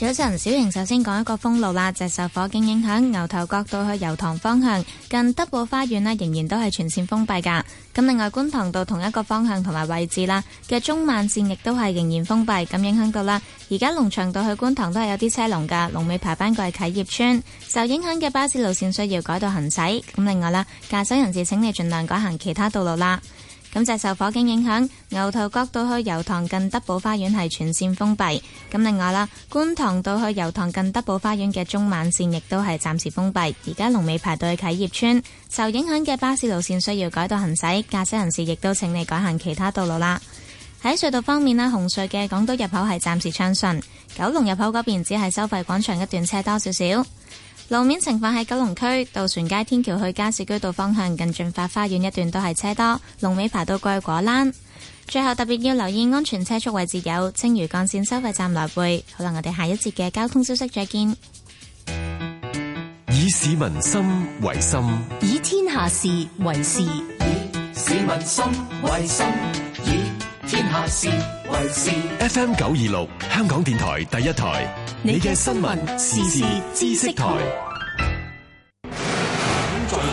早晨，小瑩首先講一個封路啦。就受火警影響，牛頭角到去油塘方向近德寶花園呢，仍然都係全線封閉噶。咁另外觀塘道同一個方向同埋位置啦嘅中慢線亦都係仍然封閉，咁影響到啦。而家農場道去觀塘都係有啲車龍噶，龍尾排返過去啟業邨，受影響嘅巴士路線需要改道行駛。咁另外啦，駕駛人士請你盡量改行其他道路啦。咁就受火警影響，牛頭角到去油塘近德寶花園係全線封閉。咁另外啦，觀塘到去油塘近德寶花園嘅中晚線亦都係暫時封閉。而家龍尾排隊喺啟業村，受影響嘅巴士路線需要改道行駛，駕駛人士亦都請你改行其他道路啦。喺隧道方面呢，紅隧嘅港島入口係暫時暢順，九龍入口嗰邊只係收費廣場一段車多少少。路面情況喺九龍區渡船街天橋去加士居道方向近駿發花園一段都係車多，龍尾排到過去果欄。最後特別要留意安全車速位置有青嶼幹線收費站來回。好啦，我哋下一節嘅交通消息再見。以市民心為心，以天下事為事。以市民心為心，以天下事為事。F.M. 九二六，香港電台第一台，你嘅新聞時事知識台。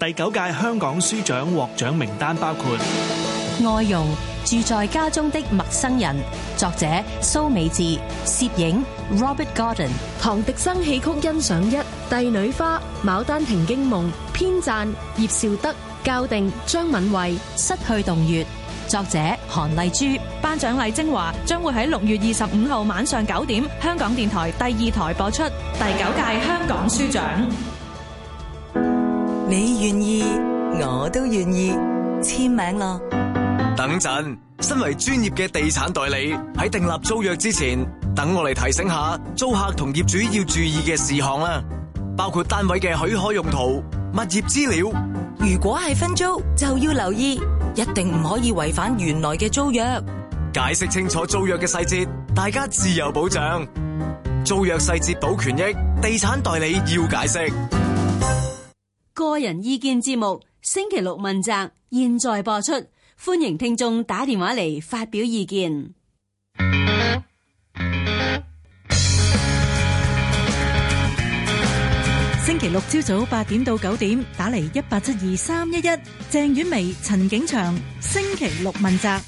第九屆香港書獎獲獎名單包括：外容《外傭住在家中的陌生人》，作者蘇美智，攝影 Robert Gordon；唐滌生戲曲欣賞一《帝女花》《牡丹亭驚夢》偏，編撰葉紹德，校訂張敏慧，失去洞穴，作者韓麗珠。頒獎禮精華將會喺六月二十五號晚上九點，香港電台第二台播出第九屆香港書獎。你願意，我都願意簽名咯、啊。等陣，身為專業嘅地產代理，喺訂立租約之前，等我嚟提醒一下租客同業主要注意嘅事項啦，包括單位嘅許可用途、物業資料。如果係分租，就要留意，一定唔可以違反原來嘅租約。解釋清楚租約嘅細節，大家自由保障。租約細節保權益，地產代理要解釋。個人意見節目，星期六問責，現在播出，歡迎聽眾打電話嚟發表意見。星期六朝早八點到九點，打嚟一八七二三一一，鄭婉薇、陳景祥，星期六問責。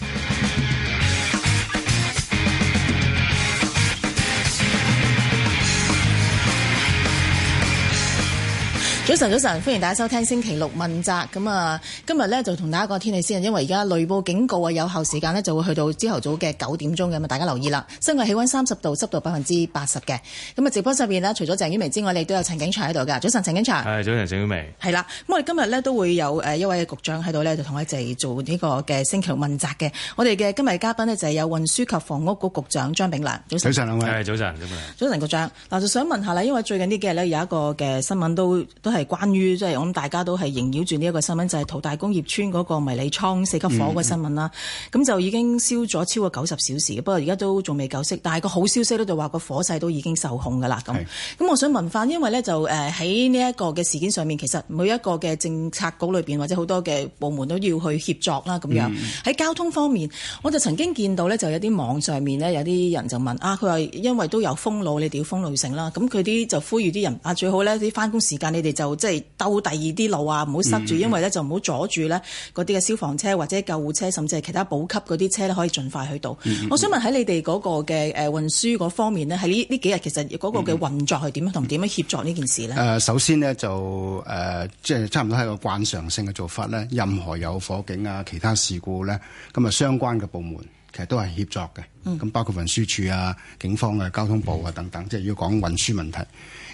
早晨，早晨，歡迎大家收聽星期六問責。咁啊，今日呢，就同大家講天氣先。因為而家雷暴警告嘅有效時間呢，就會去到朝頭早嘅九點鐘，咁啊，大家留意啦。室外氣温三十度，濕度百分之八十嘅。咁啊，直播室入邊除咗鄭婉薇之外，你都有陳景祥喺度嘅。早晨，陳景祥。早晨，鄭婉薇。係啦，咁我哋今日呢，都會有誒一位局長喺度呢，就同我哋做呢個嘅星期六問責嘅。我哋嘅今日嘉賓呢，就係有運輸及房屋局局長張炳良。早晨。早晨，兩位晨喂。早晨，張炳良。早晨，早晨局長。嗱，就想問下啦，因為最近呢幾日呢，有一個嘅新聞都，係關於即係我諗，大家都係縈繞住呢一個新聞，就係、是、淘大工業村嗰個迷你倉四級火嘅新聞啦。咁、嗯嗯、就已經燒咗超過九十小時，不過而家都仲未救熄。但係個好消息咧就話個火勢都已經受控㗎啦。咁咁是我想問翻，因為咧就誒喺呢一個嘅事件上面，其實每一個嘅政策局裏邊或者好多嘅部門都要去協作啦。咁樣喺、嗯、交通方面，我就曾經見到咧，就有啲網上面咧有啲人就問啊，佢話因為都有封路，你哋要封路成啦。咁佢啲就呼籲啲人啊，最好咧啲翻工時間你哋就就即係兜第二啲路啊，唔好塞住，因為咧就唔好阻住咧嗰啲嘅消防車或者救護車，甚至係其他補給嗰啲車咧，可以盡快去到。 我想問喺你哋嗰個嘅誒運輸嗰方面呢，喺呢呢幾日其實嗰個嘅運作係點樣同點樣協作呢件事呢？誒，首先呢，就誒，即係差唔多係個慣常性嘅做法咧。任何有火警啊，其他事故咧，咁啊相關嘅部門其實都係協作嘅。咁 包括運輸署啊、警方嘅交通部啊等等， 即係要講運輸問題。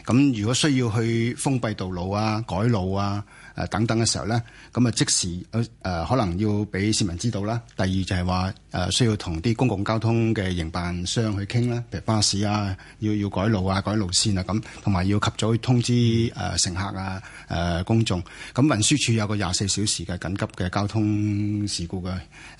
咁如果需要去封閉道路啊、改路啊，誒等等嘅時候咧，咁啊，即時誒可能要俾市民知道啦。第二就係話誒需要同啲公共交通嘅營辦商去傾啦，譬如巴士啊，要要改路啊、改路線啊咁，同埋要及早去通知誒、呃、乘客啊、誒、呃、公眾，咁運輸署有個廿四小時嘅緊急嘅交通事故嘅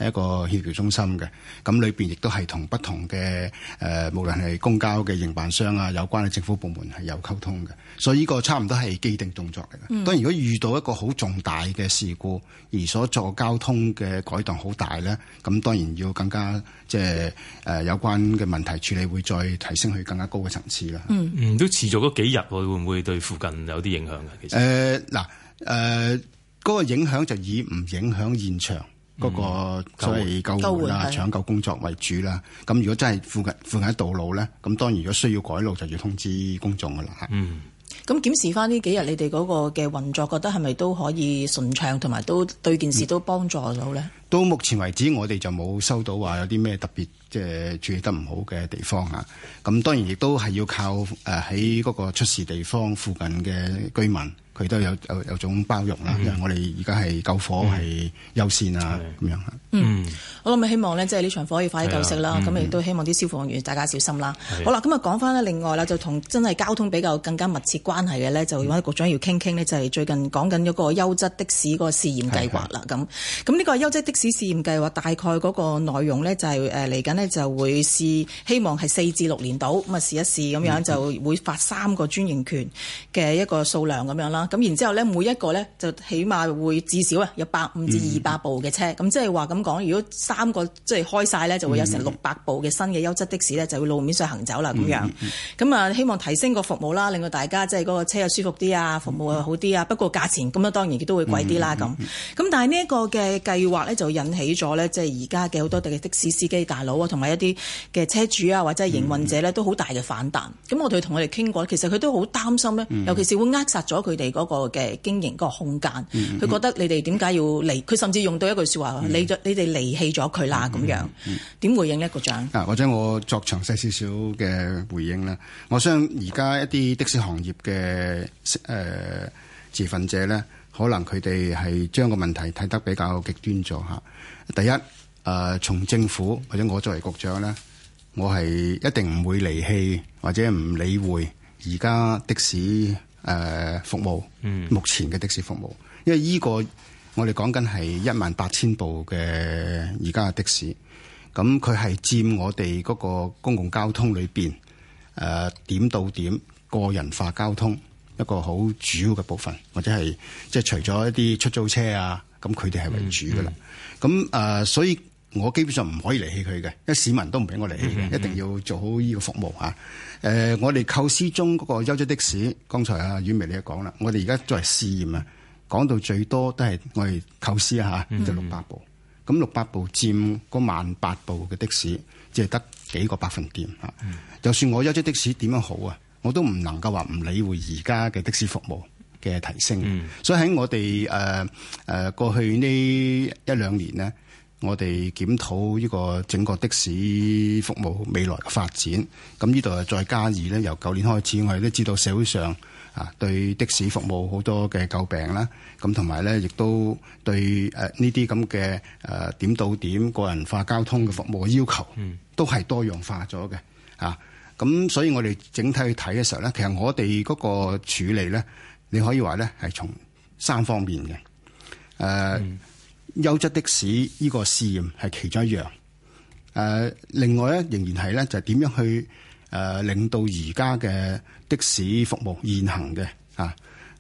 一個協調中心嘅。咁裏邊亦都係同不同嘅誒、呃、無論係公交嘅營辦商啊，有關嘅政府部門係有溝通嘅。所以呢個差唔多係既定動作嚟嘅。當然，如果遇到一個好重大嘅事故，而所作交通嘅改動好大咧，咁當然要更加即係誒有關嘅問題處理會再提升去更加高嘅層次啦、嗯。嗯，都持續咗幾日，會唔會對附近有啲影響嘅？其實誒，嗱、呃，誒，嗰個影響就以唔影響現場嗰、那個、嗯、所以救護啊、搶換救工作為主啦。咁、嗯、如果真係附近附近道路咧，咁當然如果需要改路就要通知公眾噶啦。嗯。咁檢視返呢幾日你哋嗰個嘅運作，覺得係咪都可以順暢，同埋都對件事都幫助到呢？嗯，到目前為止，我哋就冇收到話有啲咩特別即係處理得唔好嘅地方啊。咁當然亦都係要靠誒喺嗰個出事地方附近嘅居民。佢都有有有種包容啦，因為、mm hmm. 我哋而家係救火係、mm hmm. 優先啊咁、mm hmm. 樣嗯，mm hmm. 我諗希望呢，即係呢場火可以快啲救熄啦。咁亦都希望啲消防員大家小心啦。的好啦，咁啊講翻呢另外啦，就同真係交通比較更加密切關係嘅呢，就我哋局長要傾傾呢，就係、是、最近講緊嗰個優質的士個試驗計劃啦。咁咁呢個優質的士試驗計劃,驗計劃大概嗰個內容呢、就是，就係嚟緊呢就會試，希望係四至六年度咁啊試一試咁樣就會發三個專營權嘅一個數量咁、嗯嗯、樣啦。咁然之後咧，每一個咧就起碼會至少啊有百五至二百部嘅車，咁、嗯、即係話咁講，如果三個即係開晒咧，就會有成六百部嘅新嘅優質的士咧，就會路面上行走啦咁、嗯、樣。咁啊、嗯，嗯、希望提升個服務啦，令到大家即係嗰個車又舒服啲啊，服務又好啲啊。不過價錢咁啊，樣當然亦都會貴啲啦咁。咁、嗯嗯嗯、但係呢一個嘅計劃咧，就引起咗咧，即係而家嘅好多的，的士司機大佬啊，同埋一啲嘅車主啊，或者係營運者咧，都好大嘅反彈。咁、嗯嗯、我哋同佢哋傾過，其實佢都好擔心咧，尤其是會扼殺咗佢哋。嗰個嘅經營、嗰個空間，佢、嗯、覺得你哋點解要離？佢、嗯、甚至用到一句説話：嗯、你你哋離棄咗佢啦咁樣。點、嗯、回應呢？局長？啊，或者我作詳細少少嘅回應啦。我相信而家一啲的士行業嘅誒、呃、自憤者咧，可能佢哋係將個問題睇得比較極端咗嚇。第一，誒、呃、從政府或者我作為局長咧，我係一定唔會離棄或者唔理會而家的士。誒、呃，服務目前嘅的、的士服務，因為呢個我哋講緊係一萬八千部嘅而家嘅的士，咁佢係佔我哋嗰個公共交通裏邊誒、呃、點到點個人化交通一個好主要嘅部分，或者係即係除咗一啲出租車啊，咁佢哋係為主㗎喇，咁誒、嗯嗯呃、所以。我基本上唔可以離棄佢嘅，因為市民都唔俾我離棄，mm hmm. 一定要做好呢個服務啊！誒、呃，我哋構思中嗰個優質的士，剛才阿婉薇你又講啦，我哋而家作為試驗啊，講到最多都係我哋構思啊，吓就六百部，咁六百部佔嗰萬八部嘅的，的士，只係得幾個百分點啊！Mm hmm. 就算我優質的士點樣好啊，我都唔能夠話唔理會而家嘅的士服務嘅提升。Mm hmm. 所以喺我哋誒誒過去呢一兩年呢。我哋檢討呢個整個的士服務未來嘅發展，咁呢度再加二咧。由舊年開始，我哋都知道社會上啊對的士服務好多嘅詬病啦，咁同埋咧亦都對誒呢啲咁嘅誒點到點個人化交通嘅服務嘅要求，都係多樣化咗嘅啊。咁所以我哋整體去睇嘅時候咧，其實我哋嗰個處理咧，你可以話咧係從三方面嘅優質的士呢個試驗係其中一樣，誒，另外咧仍然係咧就點樣去誒令到而家嘅的士服務現行嘅啊，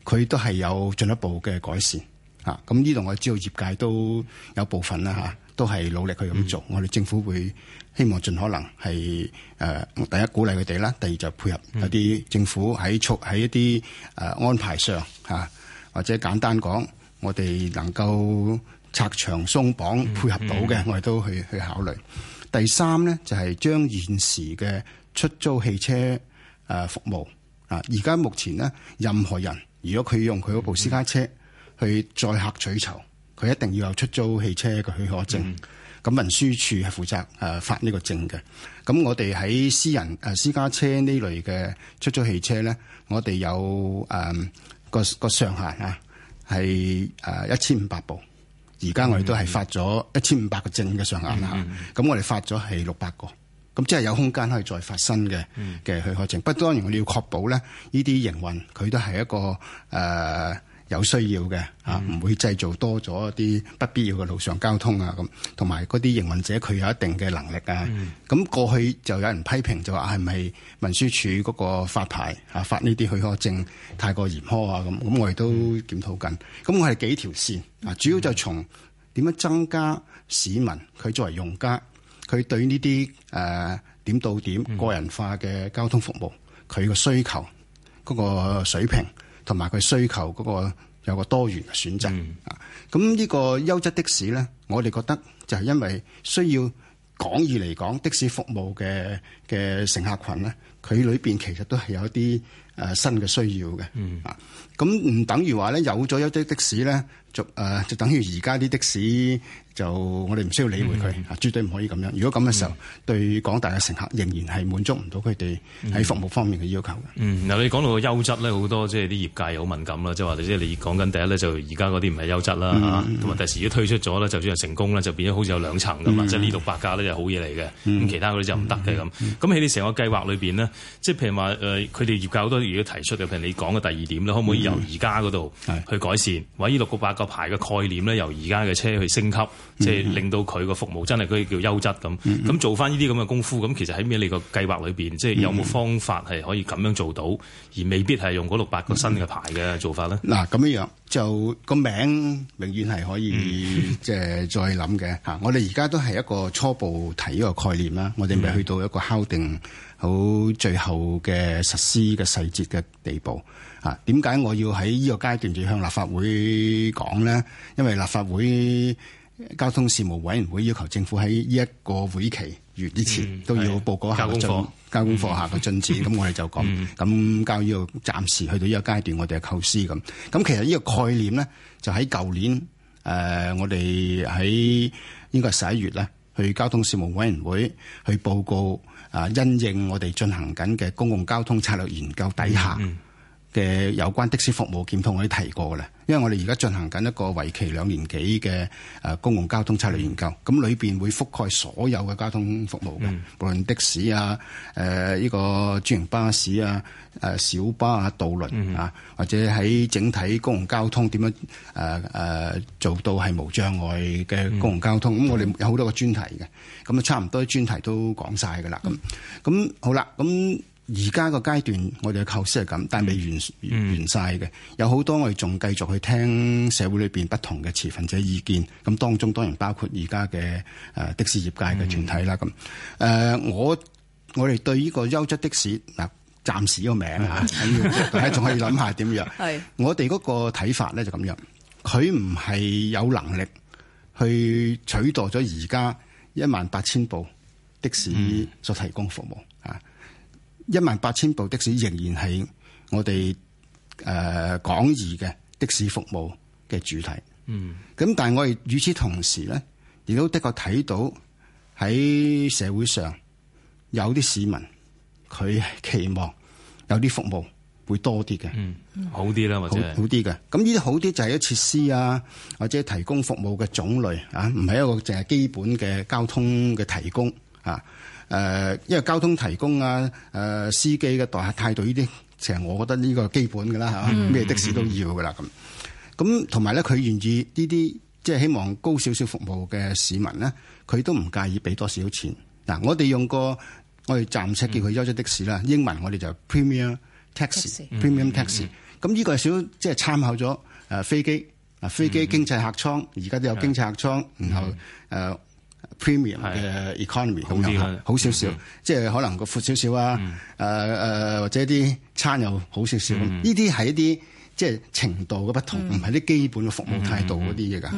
佢都係有進一步嘅改善啊。咁呢度我知道業界都有部分啦吓，都係努力去咁做。嗯、我哋政府會希望盡可能係誒第一鼓勵佢哋啦，第二就配合有啲政府喺促喺一啲誒安排上吓，或者簡單講，我哋能夠。拆牆鬆綁配合到嘅，mm hmm. 我哋都去去考慮。第三呢，就係、是、將現時嘅出租汽車誒服務啊，而家目前呢，任何人如果佢用佢嗰部私家車去載客取酬，佢一定要有出租汽車嘅許可證。咁運輸署係負責誒發呢個證嘅。咁我哋喺私人誒私家車呢類嘅出租汽車呢，我哋有誒、嗯、個個上限啊，係誒一千五百部。而家我哋都係發咗一千五百個證嘅上限啦，咁 我哋發咗係六百個，咁即係有空間可以再發新嘅嘅許可證。不過 當然我哋要確保咧，呢啲營運佢都係一個誒。呃有需要嘅啊，唔會製造多咗一啲不必要嘅路上交通啊咁，同埋嗰啲營運者佢有一定嘅能力啊。咁、嗯、過去就有人批評就話係咪文書處嗰個發牌啊發呢啲許可證太過嚴苛啊咁，咁我哋都檢討緊。咁、嗯、我係幾條線啊，嗯、主要就從點樣增加市民佢作為用家，佢對呢啲誒點到點個人化嘅交通服務佢嘅、嗯、需求嗰、嗰個水平。同埋佢需求嗰個有個多元嘅選擇，咁呢、嗯、個優質的士咧，我哋覺得就係因為需要廣義嚟講的士服務嘅嘅乘客群咧，佢裏面其實都係有一啲、呃、新嘅需要嘅，啊，咁唔等於話咧有咗優質的士咧，就、呃、就等於而家啲的士。就我哋唔需要理會佢，啊、嗯、絕對唔可以咁樣。如果咁嘅時候，嗯、對廣大嘅乘客仍然係滿足唔到佢哋喺服務方面嘅要求嘅、嗯嗯。嗯，嗱你講到個優質咧，好多即係啲業界好敏感啦，即係話即係你講緊第一咧，就而家嗰啲唔係優質啦嚇，同埋第時如果推出咗咧，嗯、就算係成功咧，就變咗好似有兩層咁啊，嗯、即係呢六百架咧就好嘢嚟嘅，咁、嗯、其他嗰啲就唔得嘅咁。咁喺你成個計劃裏邊呢，即係譬如話誒，佢、呃、哋業界好多如果提出嘅，譬如你講嘅第二點咧，可唔可以由而家嗰度去改善，嗯、或者呢六個八個牌嘅概念咧，由而家嘅車去升級？即係、嗯、令到佢個服務真係可以叫優質咁，咁、嗯、做翻呢啲咁嘅功夫，咁其實喺咩你個計劃裏邊，即、就、係、是、有冇方法係可以咁樣做到，而未必係用嗰六百個新嘅牌嘅做法咧？嗱，咁樣樣就個名永遠係可以即係、嗯、再諗嘅吓。 我哋而家都係一個初步提呢個概念啦，我哋未去到一個敲定好最後嘅實施嘅細節嘅地步啊。點解我要喺呢個階段就向立法會講呢？因為立法會。交通事務委員會要求政府喺呢一個會期完之前、嗯、都要報告下個進交功課下個進展。咁、嗯、我哋就講咁教呢暫時去到呢個階段，我哋嘅構思咁。咁其實呢個概念咧就喺舊年誒、呃，我哋喺應該係十一月咧去交通事務委員會去報告啊、呃，因應我哋進行緊嘅公共交通策略研究底下。嗯嗯嘅有關的士服務檢討，我都提過啦，因為我哋而家進行緊一個為期兩年幾嘅誒公共交通策略研究，咁裏面會覆蓋所有嘅交通服務嘅，嗯、無論的士啊、誒、呃、呢、呢個專營巴士啊、誒、呃、小巴啊、渡輪啊，嗯、或者喺整體公共交通點樣誒誒、呃呃、做到係無障礙嘅公共交通，咁、嗯、我哋有好多個專題嘅，咁啊、嗯、差唔多專題都講晒㗎啦，咁咁、嗯、好啦，咁。而家個階段，我哋嘅構思係咁，但係未完、嗯、完完晒嘅，有好多我哋仲繼續去聽社會裏邊不同嘅持份者意見，咁當中當然包括而家嘅誒的士業界嘅團體啦。咁誒、嗯呃、我我哋對呢個優質的士嗱，暫、呃、時個名啊，仲 可以諗下點樣，係 是，我哋嗰個睇法咧，就咁樣，佢唔係有能力去取代咗而家一萬八千部的士所提供服務。嗯一萬八千部的士仍然係我哋誒、呃、廣義嘅的，的士服務嘅主題嗯，咁但係我哋與此同時咧，亦都的確睇到喺社會上有啲市民佢期望有啲服務會多啲嘅，嗯，好啲啦，或者好啲嘅，咁呢啲好啲就係一設施啊，或者提供服務嘅種類啊，唔係一個淨係基本嘅交通嘅提供啊。誒，因為交通提供啊，誒司機嘅待客態度呢啲，其實我覺得呢個基本嘅啦嚇，咩、mm hmm. 的士都要嘅啦咁。咁同埋咧，佢願意呢啲即係希望高少少服務嘅市民咧，佢都唔介意俾多少錢嗱、啊。我哋用個我哋暫時叫佢優質的士啦，mm hmm. 英文我哋就 Premier Taxi, Premium Taxi，Premium Taxi。咁、hmm. 依個係少即係參考咗誒飛機啊，飛機經濟客艙而家都有經濟客艙，然後誒。Mm hmm. 呃 premium 嘅 economy 咁好少少，即係、嗯、可能個闊少少啊，誒誒、嗯呃、或者啲餐又好少少，呢啲係一啲即係程度嘅不同，唔係啲基本嘅服務態度嗰啲嘢㗎。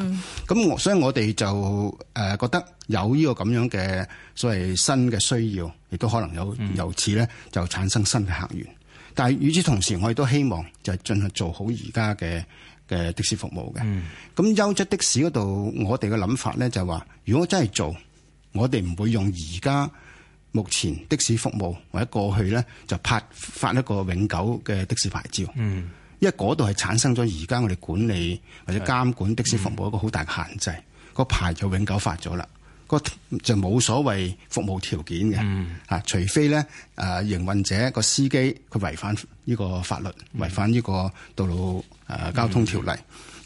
咁我、嗯、所以我哋就誒覺得有呢個咁樣嘅所謂新嘅需要，亦都可能有、嗯、由此咧就產生新嘅客源。但係與此同時，我哋都希望就係盡量做好而家嘅。嘅的士服務嘅，咁優質的士嗰度，我哋嘅諗法咧就係話，如果真係做，我哋唔會用而家目前的士服務或者過去咧就拍發一個永久嘅的，的士牌照，嗯、因為嗰度係產生咗而家我哋管理或者監管的士服務一個好大嘅限制，嗯、個牌就永久發咗啦。就冇所謂服務條件嘅吓，嗯、除非咧誒營運者個司機佢違反呢個法律，違、嗯、反呢個道路誒、呃、交通條例，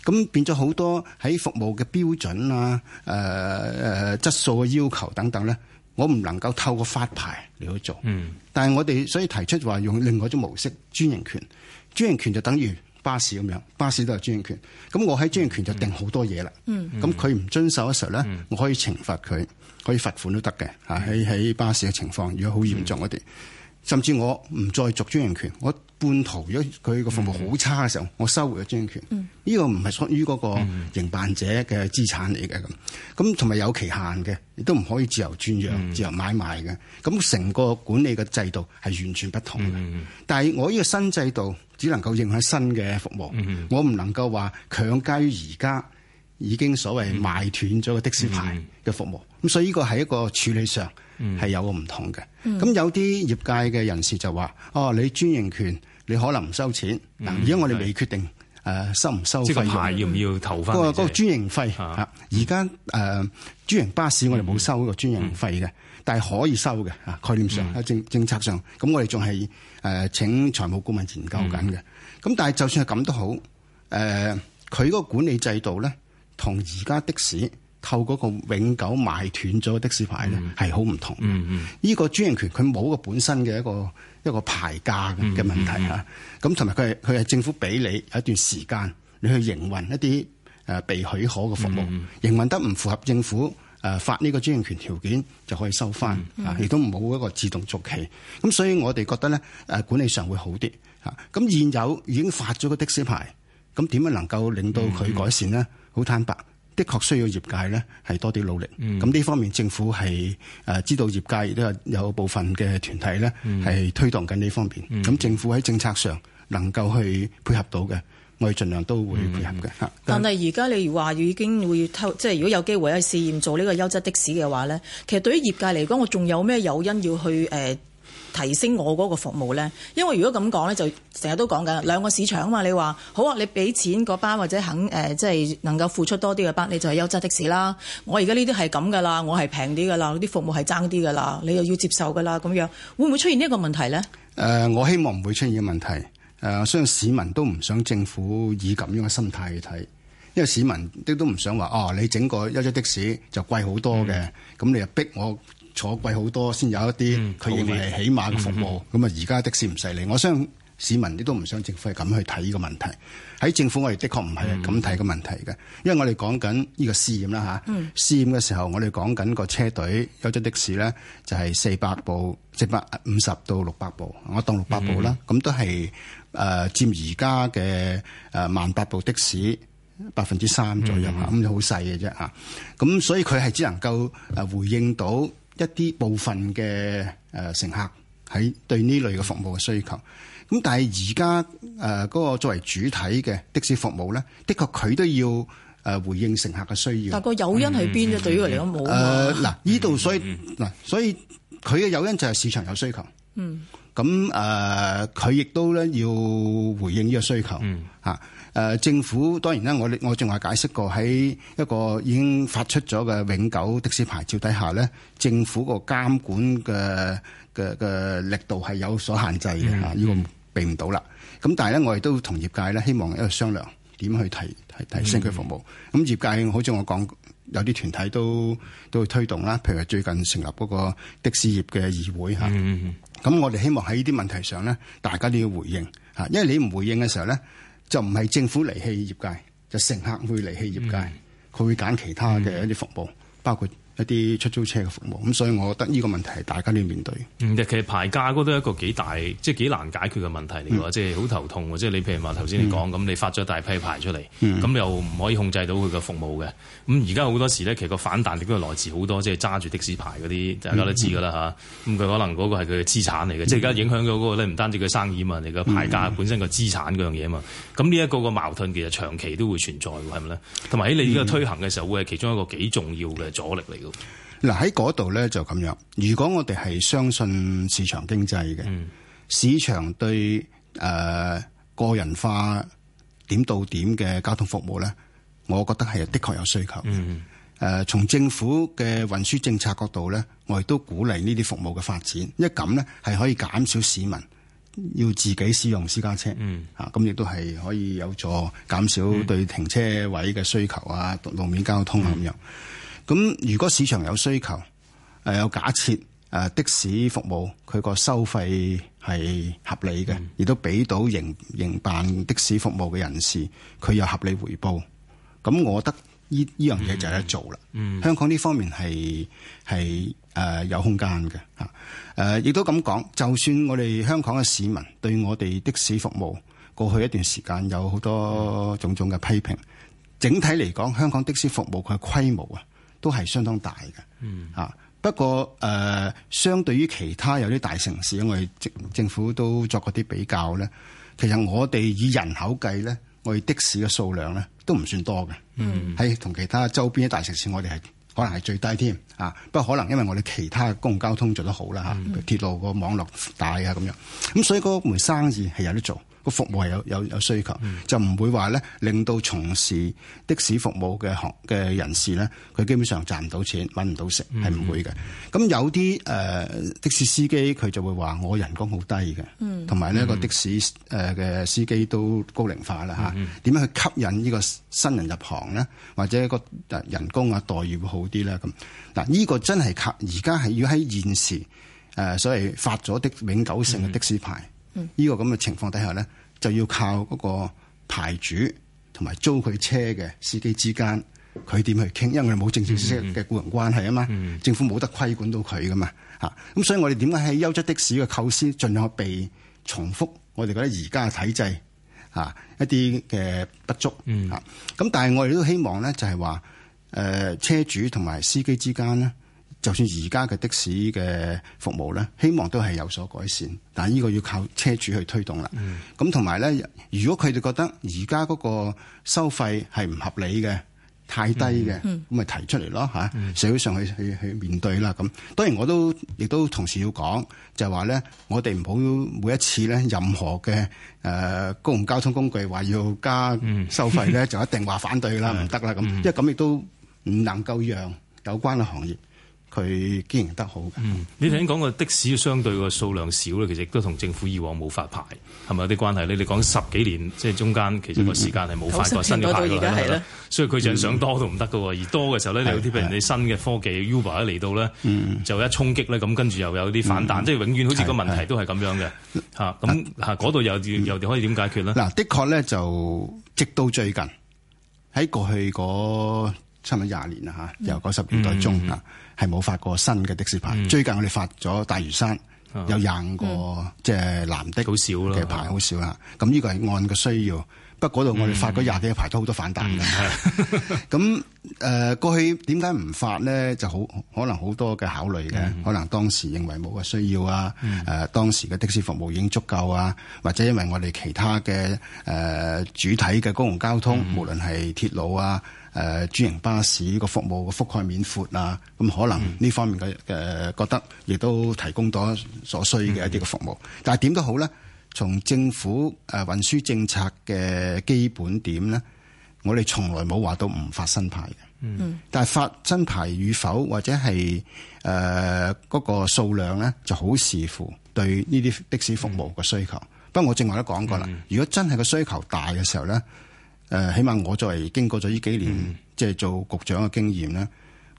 咁、嗯、變咗好多喺服務嘅標準啊、誒誒質素嘅要求等等咧，我唔能夠透過發牌嚟去做，嗯、但係我哋所以提出話用另外一種模式專營權，專營權就等於。巴士咁樣，巴士都有專營權。咁我喺專營權就定好多嘢啦。咁佢唔遵守嘅時候咧，我可以懲罰佢，可以罰款都得嘅。喺喺巴士嘅情況，如果好嚴重，我哋。甚至我唔再續專營權，我半途如果佢個服務好差嘅時候，我收回咗專營權。呢、嗯、個唔係屬於嗰個營辦者嘅資產嚟嘅，咁咁同埋有期限嘅，亦都唔可以自由轉讓、嗯、自由買賣嘅。咁成個管理嘅制度係完全不同嘅。嗯嗯、但係我呢個新制度只能夠影響新嘅服務，嗯嗯、我唔能夠話強加於而家已經所謂賣斷咗個的士牌嘅服務。咁、嗯嗯、所以呢個係一個處理上。係有個唔同嘅，咁、嗯、有啲業界嘅人士就話：哦，你專營權你可能唔收錢。嗱、嗯，而家我哋未決定誒、呃、收唔收費用，要唔要投返？那個、就是、那個專營費而家誒專營巴士我哋冇收個專營費嘅，嗯、但係可以收嘅。概念上喺政、嗯、政策上，咁我哋仲係誒請財務顧問研究緊嘅。咁、嗯、但係就算係咁都好，誒佢個管理制度咧，同而家的士。靠嗰個永久賣斷咗的士牌咧，係好唔同。呢個專營權佢冇個本身嘅一個一個牌價嘅問題嚇，咁同埋佢係佢係政府俾你一段時間，你去營運一啲誒被許可嘅服務，營運得唔符合政府誒發呢個專營權條件就可以收翻，亦都唔好一個自動續期。咁所以我哋覺得咧誒管理上會好啲嚇。咁現有已經發咗個的士牌，咁點樣能夠令到佢改善呢？好坦白。的確需要業界咧係多啲努力，咁呢、嗯、方面政府係誒知道業界亦都有部分嘅團體咧係推動緊呢方面，咁、嗯、政府喺政策上能夠去配合到嘅，我哋盡量都會配合嘅嚇。嗯、但係而家你話已經會偷，即係如果有機會去試驗做呢個優質的士嘅話咧，其實對於業界嚟講，我仲有咩誘因要去誒？呃提升我嗰個服務咧，因為如果咁講咧，就成日都講緊兩個市場啊嘛。你話好啊，你俾錢嗰班或者肯誒，即係能夠付出多啲嘅班，你就係優質的士啦。我而家呢啲係咁噶啦，我係平啲噶啦，啲服務係爭啲噶啦，你又要接受噶啦，咁樣會唔會出現呢一個問題咧？誒、呃、我希望唔會出現嘅問題誒，我相信市民都唔想政府以咁樣嘅心態去睇，因為市民都都唔想話哦，你整個優質的士就貴好多嘅，咁、嗯、你又逼我。坐貴好多先有一啲，佢、嗯、認為係起碼嘅服務。咁啊、嗯哼，而家的士唔使理，我相信市民啲都唔想政府係咁去睇呢個問題。喺政府，我哋的確唔係咁睇個問題嘅，因為我哋講緊呢個試驗啦吓，嗯、哼試驗嘅時候，我哋講緊個車隊有咗的士咧，就係四百部，即五百五十到六百部，我當六百部啦。咁、嗯、哼都係誒佔而家嘅誒萬八部的士百分之三左右，咁就好細嘅啫嚇。咁所以佢係只能夠回應到，一啲部分嘅誒乘客喺對呢類嘅服務嘅需求，咁但係而家誒嗰個作為主體嘅的,的士服務咧，的確佢都要誒回應乘客嘅需要。但個誘因喺邊啫？嗯、對於佢嚟講冇啊。嗱、呃，呢度所以嗱，所以佢嘅誘因就係市場有需求。嗯。咁誒、嗯，佢、呃、亦都咧要回應呢個需求。嗯。嚇。誒、呃、政府當然啦，我我仲話解釋過喺一個已經發出咗嘅永久的,的士牌照底下咧，政府個監管嘅嘅嘅力度係有所限制嘅嚇，呢、mm hmm. 個避唔到啦。咁但係咧，我哋都同業界咧希望一個商量點去提提提升佢服務。咁、mm hmm. 業界好似我講，有啲團體都都會推動啦，譬如最近成立嗰個的士業嘅議會嚇。咁、mm hmm. 啊、我哋希望喺呢啲問題上咧，大家都要回應嚇，因為你唔回應嘅時候咧。就唔係政府離棄業界，就是、乘客會離棄業界，佢、嗯、會揀其他嘅一啲服務，嗯、包括。一啲出租車嘅服務，咁所以我覺得呢個問題大家都要面對、嗯。其實牌價都係一個幾大，即係幾難解決嘅問題嚟㗎，即係好頭痛。即、就、係、是、你譬如話頭先你講，咁、嗯、你發咗大批牌出嚟，咁、嗯、又唔可以控制到佢嘅服務嘅。咁而家好多時咧，其實個反彈亦都係來自好多，即係揸住的士牌嗰啲，大家都知㗎啦嚇。咁佢、嗯嗯啊、可能嗰個係佢嘅資產嚟嘅，嗯、即係而家影響咗嗰、那個咧，唔單止佢生意嘛，你個牌價本身個資產嗰樣嘢啊嘛。咁呢一個個矛盾其實長期都會存在㗎，係咪咧？同埋喺你依個推行嘅時候，會係其中一個幾重要嘅阻力嚟。嗱，喺嗰度咧就咁樣，如果我哋係相信市場經濟嘅，嗯、市場對誒、呃、個人化點到點嘅交通服務咧，我覺得係的確有需求。誒、嗯，從、嗯呃、政府嘅運輸政策角度咧，我亦都鼓勵呢啲服務嘅發展，因為咁咧係可以減少市民要自己使用私家車，嗯、啊，咁亦都係可以有助減少對停車位嘅需求、嗯、啊，路面交通啊咁、嗯、樣。咁如果市場有需求，呃、有假設、呃、的士服務佢個收費係合理嘅，亦都俾到營營辦的士服務嘅人士佢有合理回報。咁我覺得呢呢樣嘢就係做啦。嗯、香港呢方面係係誒有空間嘅嚇，亦都咁講。就算我哋香港嘅市民對我哋的士服務過去一段時間有好多種種嘅批評，整體嚟講，香港的士服務佢嘅規模啊～都係相當大嘅，嗯、啊，不過誒、呃，相對於其他有啲大城市，因為政府都作過啲比較咧。其實我哋以人口計咧，我哋的士嘅數量咧都唔算多嘅，喺同、嗯、其他周邊嘅大城市我們，我哋係可能係最低添啊。不過可能因為我哋其他嘅公共交通做得好啦，吓、啊、鐵路個網絡大啊，咁樣咁，所以嗰門生意係有得做。個服務係有有有需求，就唔會話咧令到從事的士服務嘅行嘅人士咧，佢基本上賺唔到錢，搵唔到食，係唔會嘅。咁有啲誒的士司機佢就會話我人工好低嘅，同埋呢個的士誒嘅司機都高齡化啦吓，點樣去吸引呢個新人入行咧？或者個人工啊待遇會好啲咧？咁嗱，呢個真係吸而家係要喺現時誒，所謂發咗的、永久性嘅的、的士牌。呢個咁嘅情況底下咧，就要靠嗰個牌主同埋租佢車嘅司機之間，佢點去傾？因為冇正式嘅僱傭關係啊嘛，嗯、政府冇得規管到佢噶嘛，嚇、嗯。咁所以我哋點解喺優質的士嘅構思，盡量被重複我哋覺得而家嘅體制嚇一啲嘅不足嚇。咁、嗯、但係我哋都希望咧，就係話誒車主同埋司機之間咧。就算而家嘅的士嘅服務咧，希望都係有所改善。但係呢個要靠車主去推動啦。咁同埋咧，如果佢哋覺得而家嗰個收費係唔合理嘅，太低嘅，咁咪、嗯、提出嚟咯吓，、啊嗯、社會上去去去面對啦。咁當然我都亦都同時要講，就係話咧，我哋唔好每一次咧，任何嘅誒公共交通工具話要加收費咧，嗯、 就一定話反對啦，唔得，嗯、啦。咁因為咁亦都唔能夠讓有關嘅行業。佢經營得好嘅。嗯，你頭先講個的士，相對個數量少咧，其實亦都同政府以往冇發牌係咪有啲關係咧？你講十幾年即係中間，其實個時間係冇發過新嘅牌㗎啦。所以佢就想多都唔得㗎喎。而多嘅時候咧，有啲譬如你新嘅科技 Uber 一嚟到咧，就一衝擊咧，咁跟住又有啲反彈，即係永遠好似個問題都係咁樣嘅嚇。咁嗰度又又點可以點解決咧？嗱，的確咧就直到最近喺過去嗰差唔多廿年啦嚇，由嗰十年代中啊。係冇發過新嘅的、的士牌。嗯、最近我哋發咗大嶼山有廿五個，嗯、即係藍的嘅牌，好少啦。咁呢、嗯、個係按個需要。不過嗰度我哋發咗廿幾個牌都好多反彈嘅。咁誒、嗯 呃、過去點解唔發呢？就好可能好多嘅考慮嘅。嗯、可能當時認為冇嘅需要啊。誒、呃、當時嘅的、的士服務已經足夠啊。或者因為我哋其他嘅誒、呃、主體嘅公共交通，嗯、無論係鐵路啊。誒，專營巴士個服務嘅覆蓋面闊啊，咁可能呢方面嘅誒，覺得亦都提供咗所需嘅一啲嘅服務。嗯、但係點都好咧，從政府誒、呃、運輸政策嘅基本點咧，我哋從來冇話到唔發新牌嘅。嗯，但係發新牌與否或者係誒嗰個數量咧，就好視乎對呢啲的士服務嘅需求。嗯、不過我正話都講過啦，嗯、如果真係個需求大嘅時候咧。誒，起碼我作為經過咗呢幾年，即係做局長嘅經驗咧，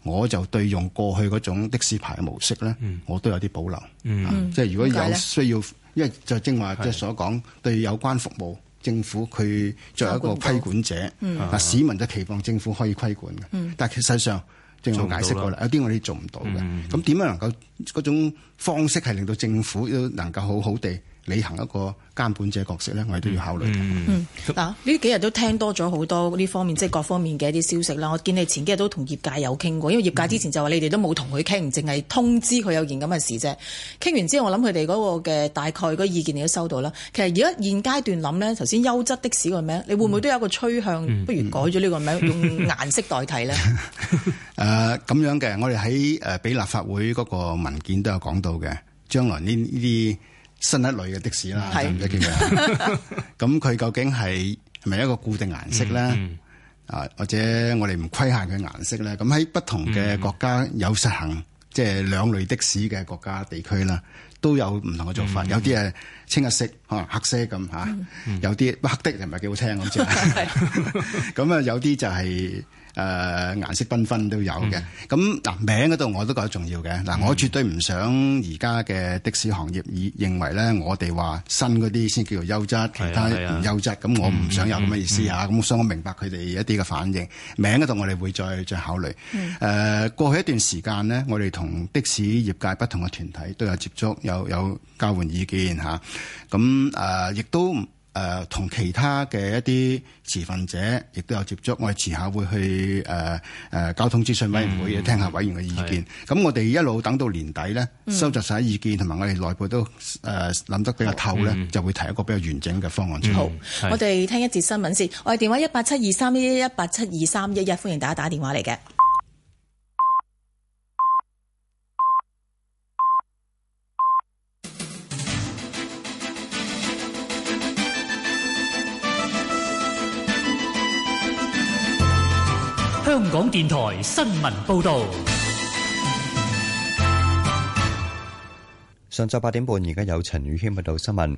我就對用過去嗰種的士牌模式咧，我都有啲保留。即係如果有需要，因為就正話即係所講，對有關服務政府佢作為一個規管者，市民都期望政府可以規管嘅。但其實上，正如我解釋過啦，有啲我哋做唔到嘅。咁點樣能夠嗰種方式係令到政府都能夠好好地履行一個監管者的角色咧，我哋都要考慮。嗯、嗯、嗱、呢幾日都聽多咗好多呢方面，即係各方面嘅一啲消息啦。我見你前幾日都同業界有傾過，因為業界之前就話你哋都冇同佢傾，淨係、嗯、通知佢有件咁嘅事啫。傾完之後，我諗佢哋嗰個嘅大概嗰意見你都收到啦。其實而家現階段諗呢，頭先優質的士個名，你會唔會都有一個趨向？嗯、不如改咗呢個名，嗯、用顏色代替呢？誒 呃，咁樣嘅，我哋喺誒俾立法會嗰個文件都有講到嘅，將來呢呢啲。新一類嘅的，的士啦，咁佢嗎 究竟係係咪一個固定顏色咧？啊、mm，hmm. 或者我哋唔規限嘅顏色咧？咁喺不同嘅國家有實行，mm hmm. 即係兩類的士嘅國家地區啦，都有唔同嘅做法。Mm hmm. 有啲係清一色，可能黑色咁吓，mm hmm. 有啲黑的又唔係幾好聽咁咁啊， 有啲就係、是。誒、呃、顏色繽紛都有嘅，咁嗱、嗯、名嗰度我都覺得重要嘅。嗱、嗯，我絕對唔想而家嘅的士行業以認為咧，我哋話新嗰啲先叫做優質，其他唔優質。咁、啊啊、我唔想有咁嘅意思嚇。咁、嗯嗯、所以我明白佢哋一啲嘅反應。名嗰度我哋會再再考慮。誒、嗯呃，過去一段時間呢，我哋同的士業界不同嘅團體都有接觸，有有交換意見嚇。咁誒、啊呃，亦都。誒同、呃、其他嘅一啲持份者亦都有接觸，我哋遲下會去誒誒、呃呃、交通諮詢委員會、嗯、聽下委員嘅意見。咁的我哋一路等到年底呢，收集晒意見同埋我哋內部都誒諗、呃、得比較透呢，嗯、就會提一個比較完整嘅方案出。好、嗯，我哋聽一節新聞先。我哋電話一八七二三一一一八七二三一一，1，歡迎大家打電話嚟嘅。香港電台新聞報道：上晝八點半，而家有陳宇謙報道新聞。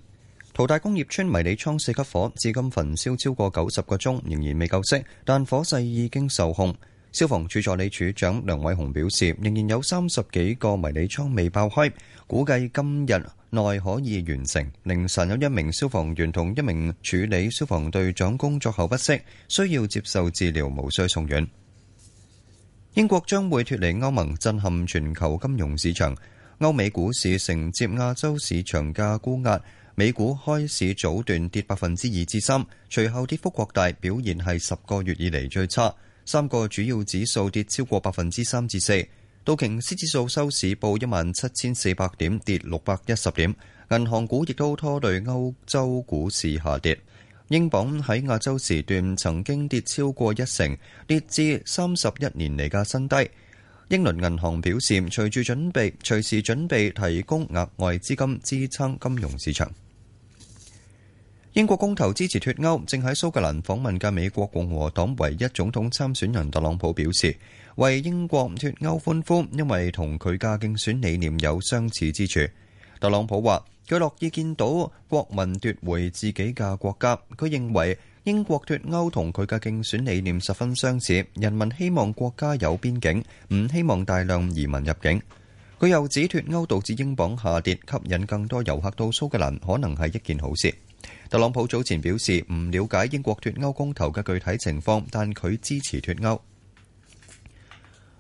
淘大工業村迷你倉四級火，至今焚燒超過九十個鐘，仍然未救熄，但火勢已經受控。消防處助理處長梁偉雄表示，仍然有三十幾個迷你倉未爆開。估計今日內可以完成。凌晨有一名消防員同一名處理消防隊長工作後不適，需要接受治療，無需送院。英國將會脱離歐盟，震撼全球金融市場。歐美股市承接亞洲市場價沽壓，美股開市早段跌百分之二至三，隨後跌幅擴大，表現係十個月以嚟最差。三個主要指數跌超過百分之三至四。道瓊斯指數收市報一萬七千四百點，跌六百一十點。銀行股亦都拖累歐洲股市下跌。英鎊喺亞洲時段曾經跌超過一成，跌至三十一年嚟嘅新低。英倫銀行表示，隨住準備隨時準備提供額外資金支撐金融市場。英國公投支持脱歐，正喺蘇格蘭訪問嘅美國共和黨唯一總統參選人特朗普表示，為英國脫歐歡呼，因為同佢嘅競選理念有相似之處。特朗普話，佢樂意見到國民奪回自己嘅國家。佢認為英國脫歐同佢嘅競選理念十分相似。人民希望國家有邊境，唔希望大量移民入境。佢又指脫歐導致英鎊下跌，吸引更多遊客到蘇格蘭，可能係一件好事。特朗普早前表示唔了解英國脫歐公投嘅具體情況，但佢支持脫歐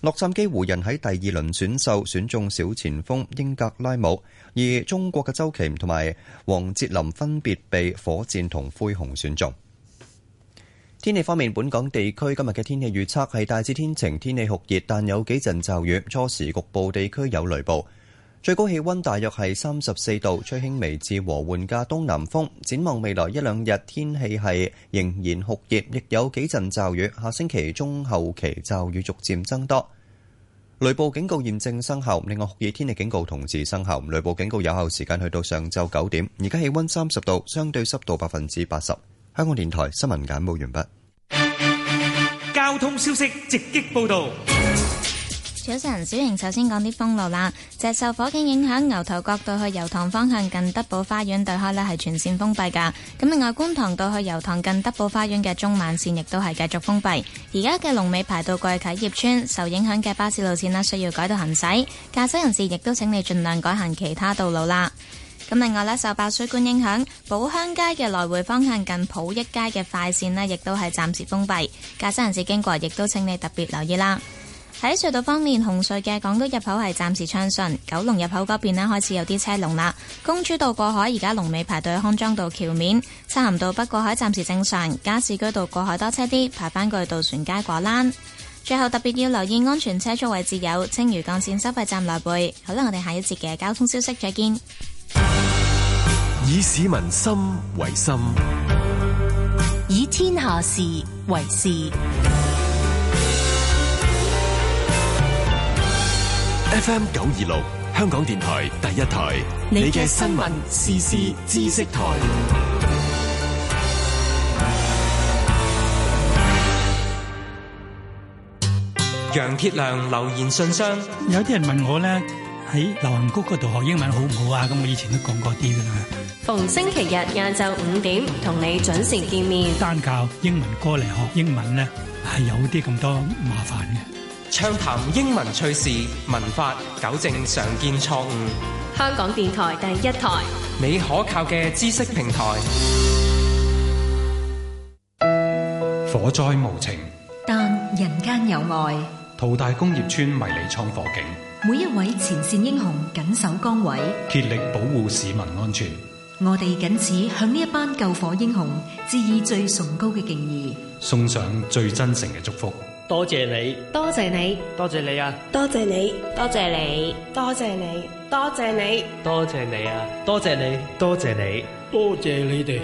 洛杉磯湖人喺第二輪選秀選中小前鋒英格拉姆，而中國嘅周琦同埋王哲林分別被火箭同灰熊選中。天氣方面，本港地區今日嘅天氣預測係大致天晴，天氣酷熱，但有幾陣驟雨，初時局部地區有雷暴。最高氣溫大約係三十四度，吹輕微至和緩嘅東南風。展望未來一兩日天氣係仍然酷熱，亦有幾陣驟雨。下星期中後期驟雨逐漸增多。雷暴警告驗證生效，另外酷熱天氣警告同時生效。雷暴警告有效時間去到上晝九點。而家氣溫三十度，相對濕度百分之八十。香港電台新聞簡報完畢。交通消息直擊報道。早晨，人小瑩首先講啲封路啦。就受火警影響，牛頭角道去油塘方向近德寶花園對開呢係全線封閉噶。咁另外觀塘道去油塘近德寶花園嘅中晚線亦都係繼續封閉。而家嘅龍尾排到桂啟業村，受影響嘅巴士路線呢，需要改道行駛，駕駛人士亦都請你盡量改行其他道路啦。咁另外呢，受爆水管影響，寶鄉街嘅來回方向近普益街嘅快線呢，亦都係暫時封閉，駕駛人士經過亦都請你特別留意啦。喺隧道方面，紅隧嘅港島入口係暫時暢順，九龍入口嗰邊咧開始有啲車龍啦。公主道過海而家龍尾排隊，康莊道橋面、漆咸道北過海暫時正常，加士居道過海多車啲，排翻過去渡船街果欄。最後特別要留意安全車速位置有青嶼幹線收費站來回。好啦，我哋下一節嘅交通消息再見。以市民心為心，以天下事為事。FM 九二六，香港電台第一台，你嘅新聞時事知識台。楊鐵良留言信箱，有啲人問我咧，喺流行曲嗰度學英文好唔好啊？咁我以前都講過啲噶啦。逢星期日晏晝五點，同你準時見面。單教英文歌嚟學英文咧，係有啲咁多麻煩嘅。暢談英文趣事，文法糾正常見錯誤。香港電台第一台，你可靠嘅知識平台。火災無情，但人間有愛。淘大工業村迷你倉火警，每一位前線英雄緊守崗位，竭力保護市民安全。我哋謹此向呢一班救火英雄致以最崇高嘅敬意，送上最真誠嘅祝福。多謝你，多謝你，多謝你啊！多謝你，多謝你，多謝你，多謝你，多謝你啊！多謝你，多謝你，多謝你哋。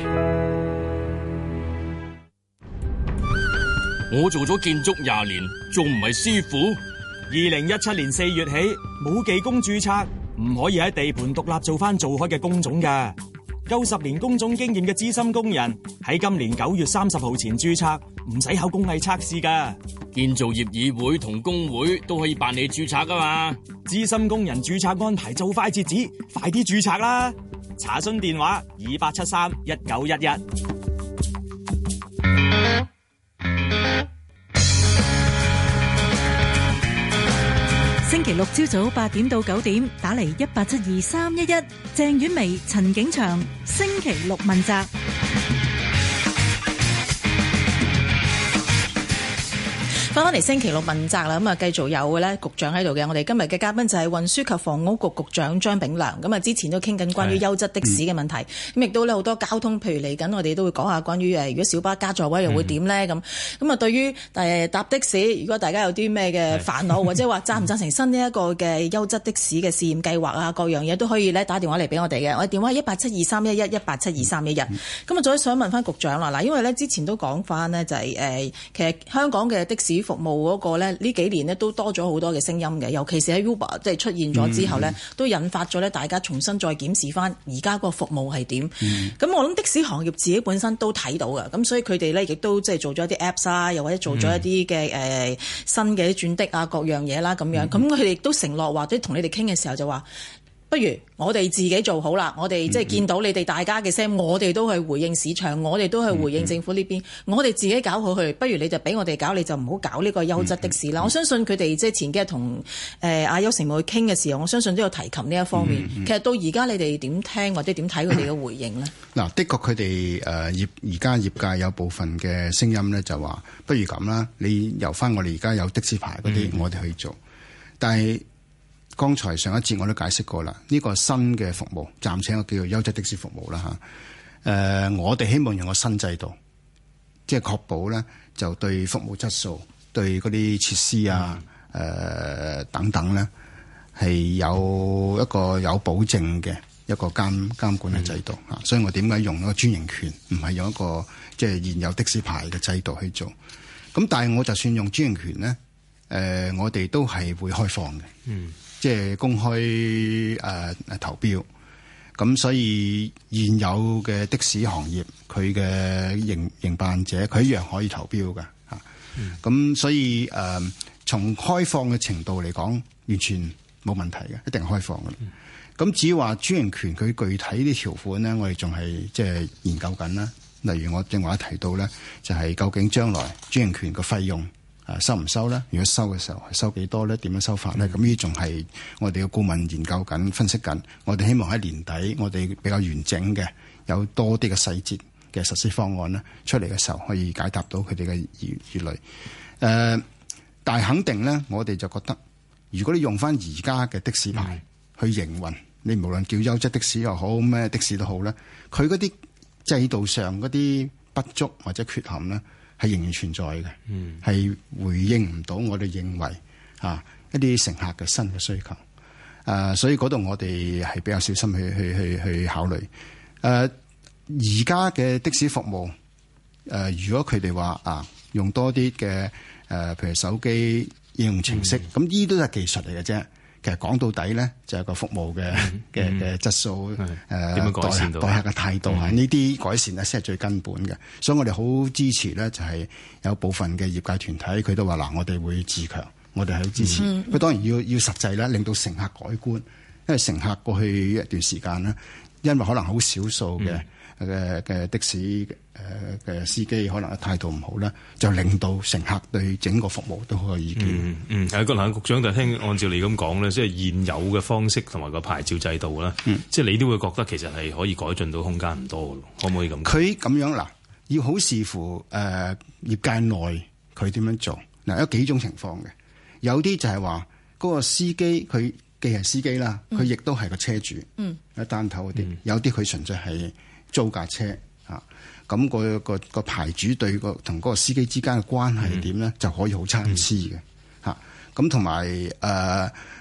我做咗建築廿年，仲唔係師傅？二零一七年四月起，冇技工註冊，唔可以喺地盤獨立做返做開嘅工種㗎。夠十年工種經驗嘅資深工人喺今年九月三十號前註冊，唔使考工藝測試噶。建造業議會同工會都可以辦理註冊噶嘛。資深工人註冊安排就快截止，快啲註冊啦！查詢電話：二八七三一九一一。六朝早八點到九點，打嚟一八七二三一一，鄭婉薇、陳景祥，星期六問責。翻返嚟星期六問責啦，咁啊繼續有嘅咧，局長喺度嘅。我哋今日嘅嘉賓就係運輸及房屋局局長張炳良。咁啊，之前都傾緊關於優質的士嘅問題，咁亦都好多交通，譬如嚟緊，我哋都會講下關於誒，如果小巴加座位又會點呢？咁、嗯。咁啊，對於誒、呃、搭的士，如果大家有啲咩嘅煩惱，是或者話贊唔贊成新呢一個嘅優質的士嘅試驗計劃啊，嗯、各樣嘢都可以咧打電話嚟俾我哋嘅。我哋電話一八七二三一一一八七二三一一。咁啊，再想問翻局長啦，嗱，因為咧之前都講翻呢，就係誒，其實香港嘅的，的士。服務嗰個咧，呢幾年咧都多咗好多嘅聲音嘅，尤其是喺 Uber 即係出現咗之後咧，mm hmm. 都引發咗咧大家重新再檢視翻而家個服務係點。咁、mm hmm. 我諗的士行業自己本身都睇到嘅。咁所以佢哋咧亦都即係做咗一啲 Apps 啦、啊，又或者做咗一啲嘅誒新嘅轉的啊各樣嘢啦咁樣。咁佢哋都承諾話，或者同你哋傾嘅時候就話。不如我哋自己做好啦！我哋即係見到你哋大家嘅聲，嗯嗯，我哋都去回應市場，我哋都去回應政府呢邊，嗯嗯，我哋自己搞好佢。不如你就俾我哋搞，你就唔好搞呢個優質的士啦。嗯嗯，我相信佢哋即係前幾日同誒阿邱成茂去傾嘅時候，我相信都有提及呢一方面。嗯嗯，其實到而家你哋點聽或者點睇佢哋嘅回應呢？嗱，的確佢哋誒業而家業界有部分嘅聲音咧，就話不如咁啦，你由翻我哋而家有的士牌嗰啲，我哋去做，嗯嗯，但係。剛才上一節我都解釋過啦，呢個新嘅服務，暫且我叫做優質的士服務啦吓。誒、呃，我哋希望用個新制度，即係確保咧，就對服務質素、對嗰啲設施啊、誒、呃、等等咧，係有一個有保證嘅一個監監管嘅制度。嗯。所以我點解用一個專營權，唔係用一個即係現有的士牌嘅制度去做？咁但係我就算用專營權咧，誒、呃，我哋都係會開放嘅。嗯。即係公開，誒誒、呃、投標，咁所以現有嘅的,的士行業佢嘅營營辦者，佢一樣可以投標嘅吓。咁、嗯、所以誒從、呃、開放嘅程度嚟講，完全冇問題嘅，一定是開放嘅。咁至、嗯、於話專營權佢具體啲條款咧，我哋仲係即係研究緊啦。例如我正話提到咧，就係、是、究竟將來專營權嘅費用。誒，收唔收咧？如果收嘅時候，收幾多咧？點樣收法咧？咁呢，仲係我哋嘅顧問研究緊、分析緊。我哋希望喺年底，我哋比較完整嘅有多啲嘅細節嘅實施方案咧，出嚟嘅時候可以解答到佢哋嘅疑疑慮。呃，但係肯定咧，我哋就覺得，如果你用翻而家嘅的士牌去營運，你無論叫優質的士又好，咩的士都好咧，佢嗰啲制度上嗰啲不足或者缺陷咧，係仍然存在嘅，係回應唔到我哋認為啊一啲乘客嘅新嘅需求，啊所以嗰度我哋係比較小心去去去去考慮。誒而家嘅的士服務，誒、呃、如果佢哋話啊用多啲嘅誒，譬、呃、如手機應用程式，咁呢啲都係技術嚟嘅啫。其實講到底咧，就係、是、個服務嘅嘅嘅質素，誒、嗯，待客待客嘅態度啊，呢啲、嗯、改善咧先係最根本嘅，所以我哋好支持咧，就係有部分嘅業界團體，佢都話嗱，我哋會自強，我哋好支持。佢、嗯、當然要要實際咧，令到乘客改觀，因為乘客過去一段時間咧，因為可能好少數嘅嘅嘅的士。誒嘅、呃、司機可能態度唔好咧，就令到乘客對整個服務都好有意見。嗯嗯，係，炳良局長，就聽按照你咁講咧，即係現有嘅方式同埋個牌照制度咧，嗯、即係你都會覺得其實係可以改進到空間唔多嘅咯，嗯、可唔可以咁？佢咁樣嗱，要好視乎誒、呃、業界內佢點樣做。嗱、呃，有幾種情況嘅，有啲就係話嗰個司機佢既係司機啦，佢亦都係個車主。嗯，一單頭嗰啲，有啲佢純粹係租架車。咁個個個牌主對個同個個司機之間嘅關係點咧，就可以好參差嘅嚇。咁同埋誒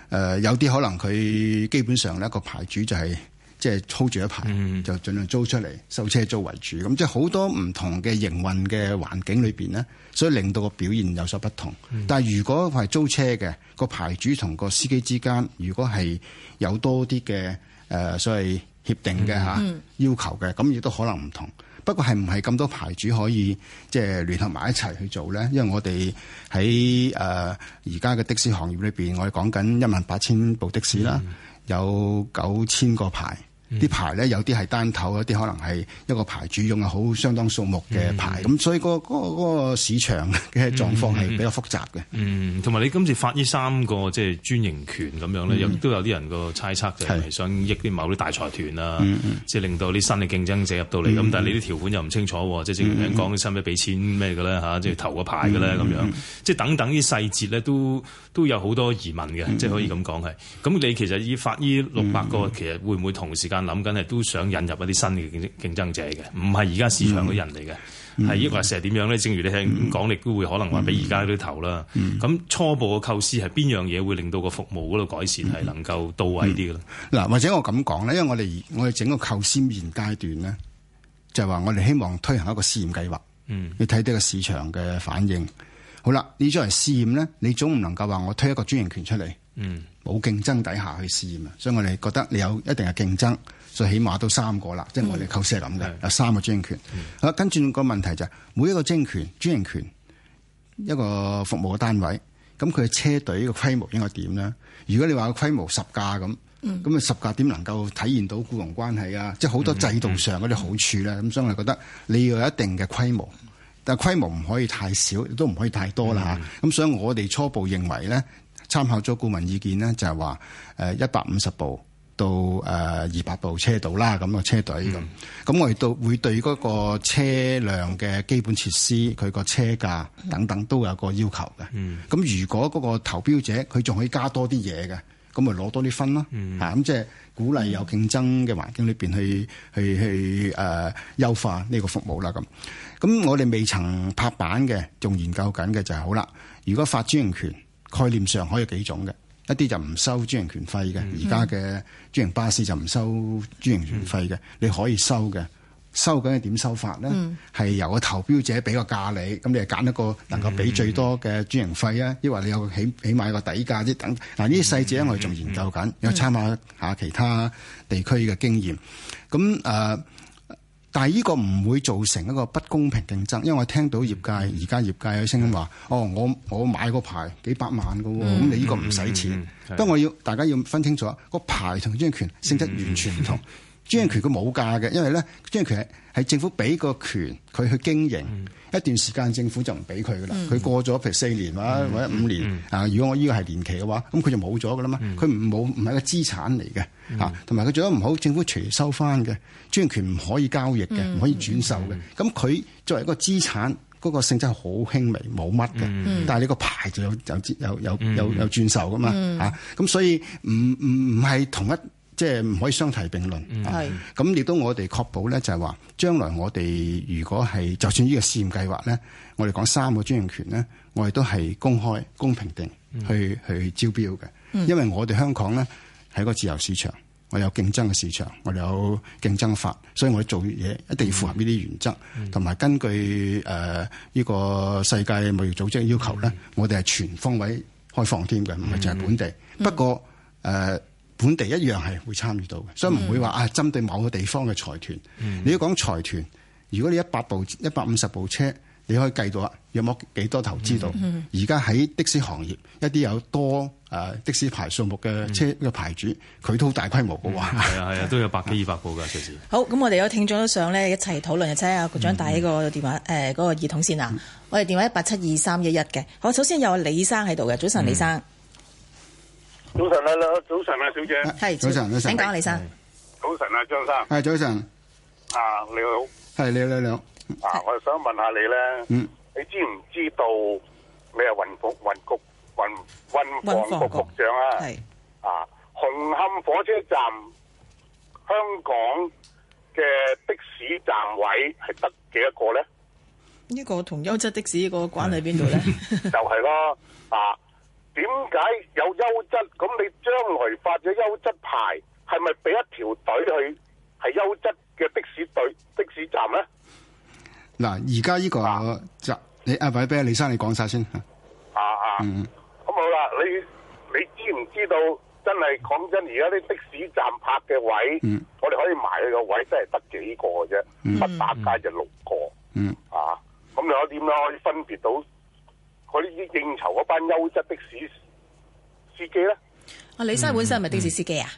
誒，有啲可能佢基本上咧個牌主就係即係操住一排，就盡、是、量租出嚟收車租為主。咁即係好多唔同嘅營運嘅環境裏面咧，所以令到個表現有所不同。但係如果佢係租車嘅個牌主同個司機之間，如果係有多啲嘅誒，所謂協定嘅、啊、要求嘅，咁亦都可能唔同。不過係唔係咁多牌主可以即係聯合埋一齊去做咧？因為我哋喺誒而家嘅的士行業裏邊，我哋講緊一萬八千部的士啦，嗯、有九千個牌。啲、嗯、牌咧有啲係單頭，有啲可能係一個牌主用啊，好相當數目嘅牌。咁、嗯、所以、那個嗰、那個、市場嘅狀況係比較複雜嘅。嗯，同埋你今次發呢三個即係專營權咁樣咧，都、嗯、有啲人個猜測就係想益啲某啲大財團啊，是即係令到啲新嘅競爭者入到嚟。咁、嗯、但係你啲條款又唔清楚，啊嗯即啊，即係正如你講起身，咩俾錢咩嘅咧嚇，即係投個牌嘅咧咁樣，嗯嗯、即係等等啲細節咧都都有好多疑問嘅，即係、嗯、可以咁講係。咁你其實以發呢六百個，嗯、其實會唔會同時間？諗緊係都想引入一啲新嘅競爭者嘅，唔係而家市場嘅人嚟嘅，係抑、嗯、或成點樣咧？正如你聽講，亦、嗯、都會可能話比而家啲頭啦。咁、嗯、初步嘅構思係邊樣嘢會令到個服務嗰度改善係能夠到位啲嘅？嗱、嗯嗯嗯，或者我咁講咧，因為我哋我哋整個構思現階段咧，就係、是、話我哋希望推行一個試驗計劃。嗯，要睇啲個市場嘅反應。好啦，你作為試驗咧，你總唔能夠話我推一個專營權出嚟。嗯，冇競爭底下去試驗啊，所以我哋覺得你有一定嘅競爭。最起碼都三個啦，即係我哋構思係咁嘅，有三個專營權。嗯、跟住個問題就係、是、每一個專營權、專營權一個服務嘅單位，咁佢嘅車隊嘅規模應該點咧？如果你話個規模十架咁，咁啊十架點能夠體現到僱傭關係啊？嗯、即係好多制度上嗰啲好處咧。咁、嗯嗯、所以我覺得你要有一定嘅規模，但係規模唔可以太少，亦都唔可以太多啦嚇。咁、嗯、所以我哋初步認為咧，參考咗顧問意見咧，就係話誒一百五十部。到誒二百部車度啦，咁個車隊咁，咁我哋到會對嗰個車輛嘅基本設施、佢個車價等等都有個要求嘅。咁如果嗰個投標者佢仲可以加多啲嘢嘅，咁咪攞多啲分咯。嚇，咁即係鼓勵有競爭嘅環境裏邊去去去誒優化呢個服務啦。咁咁我哋未曾拍板嘅，仲研究緊嘅就係好啦。如果發專營權概念上可以幾種嘅？一啲就唔收專營權費嘅，而家嘅專營巴士就唔收專營權費嘅。嗯、你可以收嘅，收緊係點收法咧？係、嗯、由個投標者俾個價你，咁你係揀一個能夠俾最多嘅專營費啊，抑或你有起起碼個底價啲等。嗱呢啲細節咧，我哋仲研究緊，要、嗯、參考下其他地區嘅經驗。咁誒。呃但係呢個唔會造成一個不公平競爭，因為我聽到業界而家業界有聲音話：是的 哦，我我買個牌幾百萬嘅喎，咁、嗯、你呢個唔使錢。不過、嗯、我要大家要分清楚，個牌同專權性質完全唔同。嗯 專權佢冇價嘅，因為咧專權係政府俾個權佢去經營、嗯、一段時間，政府就唔俾佢噶啦。佢、嗯、過咗譬如四年、啊嗯、或者五年、嗯、啊，如果我依個係年期嘅話，咁佢就冇咗噶啦嘛。佢唔冇唔係個資產嚟嘅嚇，同埋佢做得唔好，政府隨收翻嘅，專權唔可以交易嘅，唔、嗯、可以轉售嘅。咁佢、嗯、作為一個資產，嗰、嗰個性質係好輕微，冇乜嘅。嗯、但係你個牌就有就有有有有有轉售噶嘛嚇，咁、啊、所以唔唔唔係同一。即係唔可以相提並論。係咁、嗯，亦都我哋確保咧，就係話將來我哋如果係就算呢個試驗計劃咧，我哋講三個專營權咧，我哋都係公開、公平定去、嗯、去招標嘅。嗯、因為我哋香港咧係一個自由市場，我有競爭嘅市場，我有競爭法，所以我哋做嘢一定要符合呢啲原則，同埋、嗯嗯、根據誒呢、呃這個世界貿易組織嘅要求咧，嗯、我哋係全方位開放添嘅，唔係淨係本地。嗯嗯、不過誒。呃本地一樣係會參與到嘅，所以唔會話啊針對某個地方嘅財團。嗯、你要講財團，如果你一百部、一百五十部車，你可以計到啊，有冇幾多投資到？而家喺的士行業，一啲有多誒的士牌數目嘅車嘅牌主，佢、嗯、都好大規模嘅喎。係、嗯嗯、啊係啊，都有百幾二百部㗎，隨時。好，咁我哋有聽眾想咧，一齊討論一下。請阿局長帶起個電話誒嗰、嗯呃嗰個耳筒先啊。嗯、我哋電話一八七二三一一嘅。好，首先有李生喺度嘅，早晨李生。嗯早晨啦，早晨啊，小姐，係早晨，早晨，請講，李生。早晨啊，張生，係早晨。啊，你好，係你好，你好。啊，我想問下你咧，是你知唔知道你係運房運局運運房局局長啊？係啊，紅磡火車站香港嘅的，的士站位係得幾多個咧？呢個同優質的士個關係邊度咧？是 就係咯，啊。點解有優質？咁你將來發咗優質牌，係咪俾一條隊去係優質嘅的士隊的士站咧？嗱，而家呢個就你阿偉，俾、啊、李生你講晒先吓。啊啊，嗯，咁、啊、好啦，你你知唔知道？真係講真，而家啲的士站泊嘅位，嗯、我哋可以埋去個位，真係得幾個嘅啫，唔係八就六個。嗯啊，咁你點樣可以分別到？嗰啲應酬嗰班優質的士司機咧，阿、啊、李生本身係咪的士司機啊？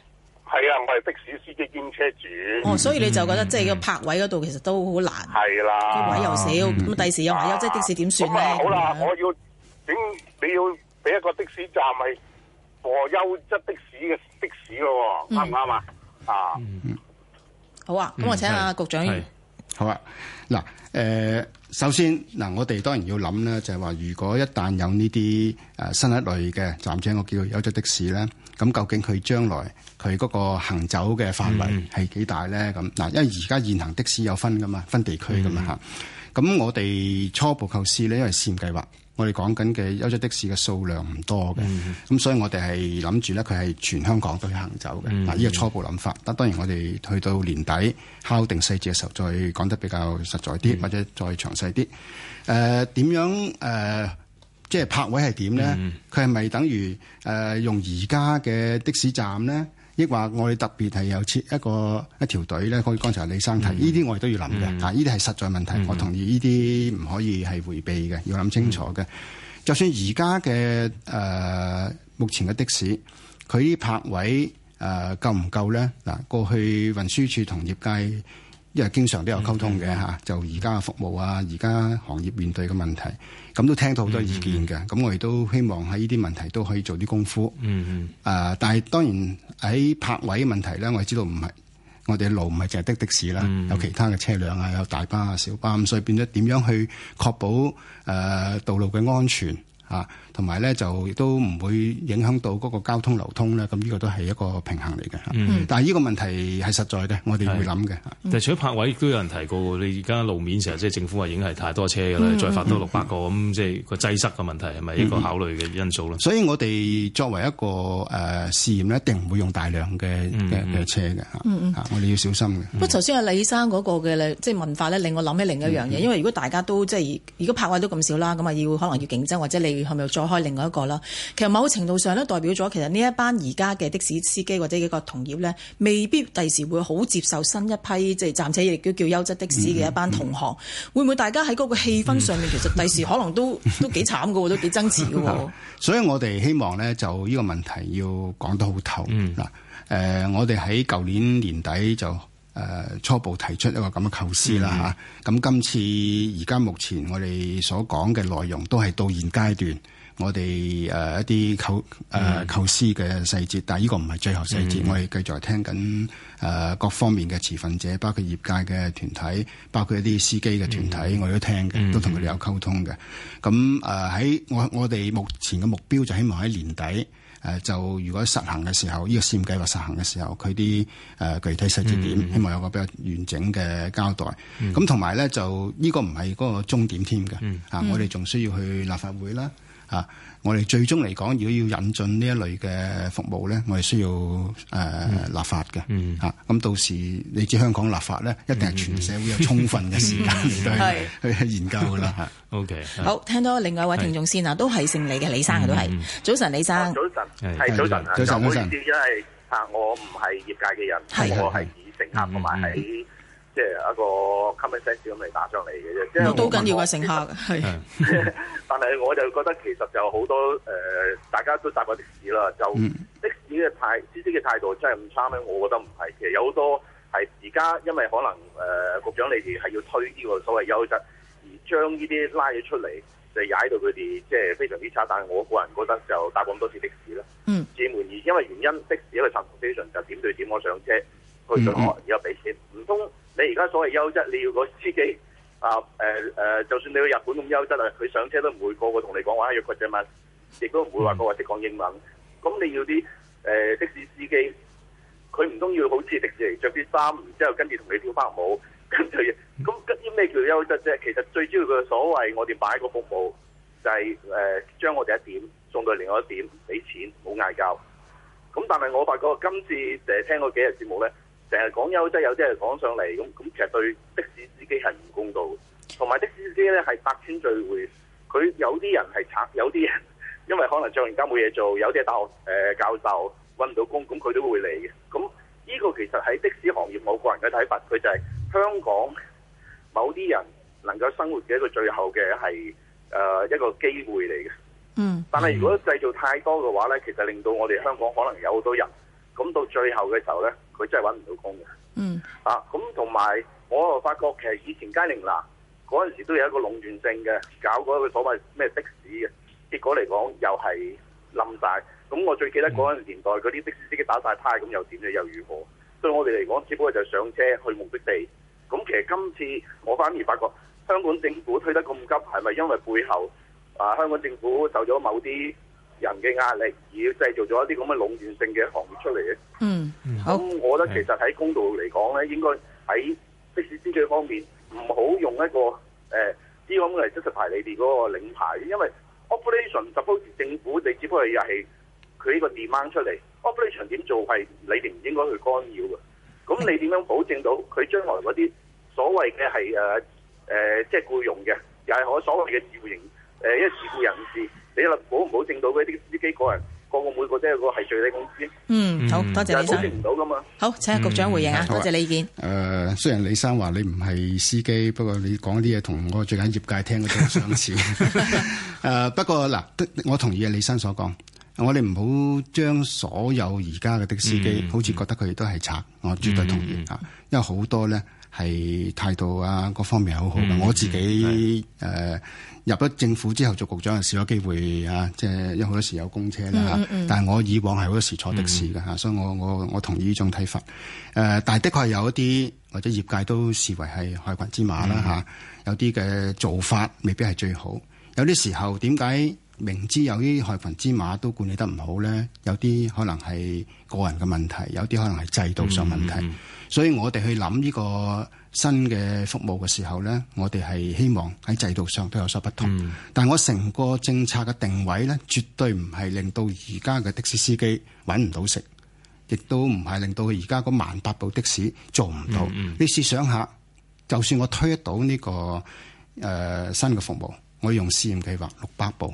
係啊，我係的士司機兼車主。哦，所以你就覺得即係個泊位嗰度其實都好難。係啦的，位又少，咁第、啊嗯、時有埋優質的士點算咧？啊好啦，好這樣我要整你要俾一個的士站係坐優質的士嘅的、的士咯喎，啱唔啱啊？啊我、嗯，好啊，咁我請下阿局長。好啊，嗱。誒，首先嗱，我哋當然要諗咧，就係話如果一旦有呢啲誒新一類嘅，暫且我叫優質的士咧，咁究竟佢將來佢嗰個行走嘅範圍係幾大咧？咁嗱，因為而家現行的士有分噶嘛，分地區噶嘛嚇、嗯嗯咁我哋初步構思咧，因為試驗計劃，我哋講緊嘅優質的士嘅數量唔多嘅，咁、嗯、所以我哋係諗住咧，佢係全香港都去行走嘅，嗱呢、嗯、個初步諗法。但當然我哋去到年底敲定細節嘅時候，再講得比較實在啲，嗯、或者再詳細啲。誒、呃，點樣誒、呃，即係泊位係點咧？佢係咪等於誒、呃、用而家嘅的士站咧？亦話我哋特別係有設一個一條隊咧，可以。剛才李生提呢啲，我哋都要諗嘅。啊、嗯，呢啲係實在問題，我同意呢啲唔可以係迴避嘅，要諗清楚嘅。嗯、就算而家嘅誒目前嘅的，的士佢泊位誒、呃、夠唔夠咧嗱？過去運輸署同業界因為經常都有溝通嘅嚇，嗯 okay. 就而家服務啊，而家行業面對嘅問題。咁都聽到好多意見嘅，咁、mm hmm. 我亦都希望喺呢啲問題都可以做啲功夫。嗯嗯、mm hmm. 呃。但係當然喺泊位嘅問題咧，我哋知道唔係我哋嘅路唔係淨係的的士啦，mm hmm. 有其他嘅車輛啊，有大巴、小巴，咁所以變咗點樣去確保誒、呃、道路嘅安全啊？同埋咧就都唔會影響到嗰個交通流通咧，咁呢個都係一個平衡嚟嘅。嗯、但係呢個問題係實在嘅，我哋會諗嘅。的嗯、但除咗泊位都有人提過，你而家路面成日即政府話已經係太多車㗎啦，嗯、再發多六百個咁，即係個擠塞嘅問題係咪一個考慮嘅因素咧、嗯？所以我哋作為一個、呃、試驗一定唔會用大量嘅嘅車嘅、嗯嗯、我哋要小心嘅。不過頭先阿李生嗰個嘅即係文化咧，令我諗起另一樣嘢，嗯、因為如果大家都即係如果泊位都咁少啦，咁啊要可能要競爭，或者你係咪開另外一個啦，其實某程度上咧，代表咗其實呢一班而家嘅的士司機或者幾個同業咧，未必第時會好接受新一批即係暫且亦都叫優質的士嘅一班同行，嗯嗯、會唔會大家喺嗰個氣氛上面，嗯、其實第時可能都都幾慘噶，都幾， 都幾爭持噶。 所以我哋希望呢，就呢個問題要講得好透嗱。誒、嗯呃，我哋喺舊年年底就誒、呃、初步提出一個咁嘅構思啦吓。咁、嗯啊、今次而家目前我哋所講嘅內容都係到現階段。我哋誒、呃、一啲構誒構思嘅細節，但呢依個唔係最後細節，嗯、我哋繼續係聽緊、呃、各方面嘅持份者，包括業界嘅團體，包括一啲司機嘅團體，嗯、我哋都聽嘅，嗯、都同佢哋有溝通嘅。咁誒喺我我哋目前嘅目標就希望喺年底誒、呃，就如果實行嘅時候，呢、這個試驗計劃實行嘅時候，佢啲誒具體細節點，嗯、希望有個比較完整嘅交代。咁同埋咧，就呢、這個唔係嗰個終點添嘅、嗯啊、我哋仲需要去立法會啦。啊！我哋最終嚟講，如果要引進呢一類嘅服務咧，我哋需要誒立法嘅嚇。咁到時你知香港立法咧，一定係全社會有充分嘅時間去去研究噶啦。O K。好，聽到另外一位聽眾先啊，都係姓李嘅李生嘅都係。早晨，李生。早晨，係早晨，早晨。因為嚇我唔係業界嘅人，我係以乘客同埋喺。即係一個 common sense 咁嚟打上嚟嘅啫，即係好緊要嘅乘客。係，但係我就覺得其實就好多誒、呃，大家都搭過的士啦，就的士嘅態司機嘅態度真係唔差咧。我覺得唔係，其實有好多係而家因為可能誒、呃、局長你哋係要推呢個所謂優質，而將呢啲拉咗出嚟，就踩到佢哋即係非常之差。但係我個人覺得就搭咁多次的士啦，嗯，至滿意，因為原因，嗯，因為的士去站台 station 就點對點我上車，佢就我而家俾錢，唔通？你而家所謂優質，你要個司機啊？誒、呃、誒、呃，就算你去日本咁優質啊，佢上車都唔會個個同你講話約國際物，亦都唔會話個個識講英文。咁、嗯、你要啲誒的士司機，佢唔通要好似迪士尼着啲衫，然之後跟住同你跳翻舞，跟住咁。咁啲咩叫優質啫？其實最主要嘅所謂我哋擺個服務，就係、是、誒、呃、將我哋一點送到另外一點，俾錢冇嗌交。咁但係我發覺今次淨係聽嗰幾日節目咧。成日講優質，有啲係講上嚟咁，咁其實對的士司機係唔公道。同埋的士司機咧係百川聚會，佢有啲人係拆，有啲人因為可能著完家冇嘢做，有啲係大學誒教授揾唔到工，咁佢都會嚟嘅。咁呢個其實喺的士行業某個人嘅睇法，佢就係香港某啲人能夠生活嘅一個最後嘅係誒一個機會嚟嘅。嗯。但係如果製造太多嘅話咧，其實令到我哋香港可能有好多人，咁到最後嘅時候咧。佢真係揾唔到工嘅。嗯。啊，咁同埋我又發覺其實以前佳寧南嗰陣時都有一個壟斷性嘅，搞嗰個所謂咩的，的士嘅，結果嚟講又係冧晒。咁我最記得嗰年代嗰啲的士司機打晒胎，咁又點咧？又如何？對我哋嚟講，只不過就上車去目的地。咁其實今次我反而發覺香港政府推得咁急，係咪因為背後啊香港政府受咗某啲？人嘅壓力而要製造咗一啲咁嘅壟斷性嘅行業出嚟咧，嗯，好，咁我覺得其實喺公道嚟講咧，的應該喺的士司機方面唔好用一個誒啲咁嘅真實牌，你哋嗰個領牌，因為 operation suppose 政府你只不過又係佢呢個 demand 出嚟，operation 點做係你哋唔應該去干擾嘅。咁你點樣保證到佢將來嗰啲所謂嘅係誒誒即係僱用嘅，又係可所謂嘅自雇型誒，因、呃、為自雇人士。你話保唔保證到嗰啲司機個人個個每個即係個係最低工資？嗯，好多謝李生。保證唔到噶嘛？好，請阿局長回應啊！嗯、多謝你意見。誒，雖然李生話你唔係司機，不過你講啲嘢同我最近業界聽嗰啲相似。誒， 不過嗱，我同意啊李生所講。我哋唔好將所有而家嘅的司機，好似覺得佢哋都係賊。我絕對同意啊，因為好多咧。係態度啊，各方面係好好嘅。嗯嗯、我自己誒是、呃、入咗政府之後做局長，少咗機會啊，即係因為好多時有公車啦。嗯嗯、但係我以往係好多時坐的士㗎。嗯、所以我我我同意呢種睇法。誒、呃，但係的確有一啲或者業界都視為係害群之馬啦、嗯啊、有啲嘅做法未必係最好。有啲時候點解明知有啲害群之馬都管理得唔好呢？有啲可能係個人嘅問題，有啲可能係制度上問題。嗯嗯所以我哋去諗呢個新嘅服務嘅時候咧，我哋係希望喺制度上都有所不同。嗯、但我成個政策嘅定位咧，絕對唔係令到而家嘅的士司機揾唔到食，亦都唔係令到而家嗰萬八部的士做唔到。嗯嗯、你試想下，就算我推得到呢、呢個誒、呃、新嘅服務，我要用試驗計劃六百部，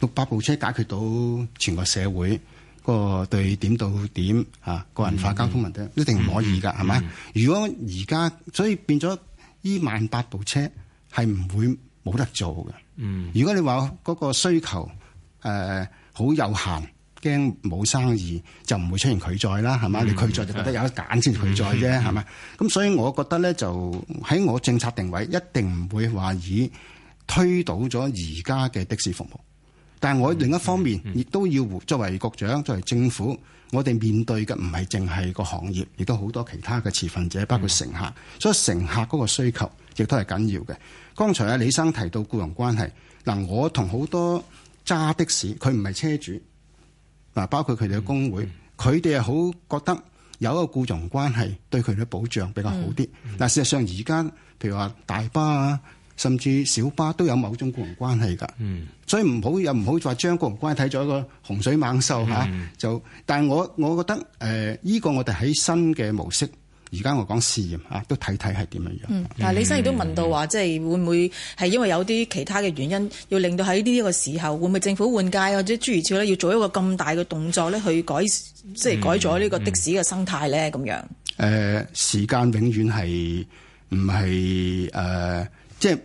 六百、嗯、部車解決到全個社會。個對點到點嚇個人化交通問題、嗯、一定唔可以㗎，係咪、嗯？如果而家所以變咗呢萬八部車係唔會冇得做嘅。嗯、如果你話嗰個需求誒好、呃、有限，驚冇生意就唔會出現拒載啦，係咪？你拒載就覺得有得揀先拒載啫，係咪、嗯？咁吧所以我覺得咧，就喺我政策定位一定唔會話以推倒咗而家嘅的士服務。但係我另一方面，亦、嗯、都要作為局長、作為政府，我哋面對嘅唔係淨係個行業，亦都好多其他嘅持份者，包括乘客。嗯、所以乘客嗰個需求亦都係緊要嘅。剛才李生提到僱傭關係，嗱我同好多揸的士，佢唔係車主嗱，包括佢哋嘅工會，佢哋係好覺得有一個僱傭關係對佢哋保障比較好啲。但、嗯嗯、事實上而家，譬如話大巴啊。甚至小巴都有某種僱傭關係㗎，嗯、所以唔好又唔好，就話將僱傭關係睇作一個洪水猛獸吓、嗯啊。就但係我我覺得誒，依、呃這個我哋喺新嘅模式，而家我講試驗嚇，都睇睇係點樣樣、嗯。但係李生亦都問到話，即係、嗯、會唔會係因為有啲其他嘅原因，要令到喺呢一個時候，會唔會政府換屆或者諸如此類，要做一個咁大嘅動作咧，去改即係改咗呢個的士嘅生態咧？咁樣誒，時間永遠係唔係誒？即係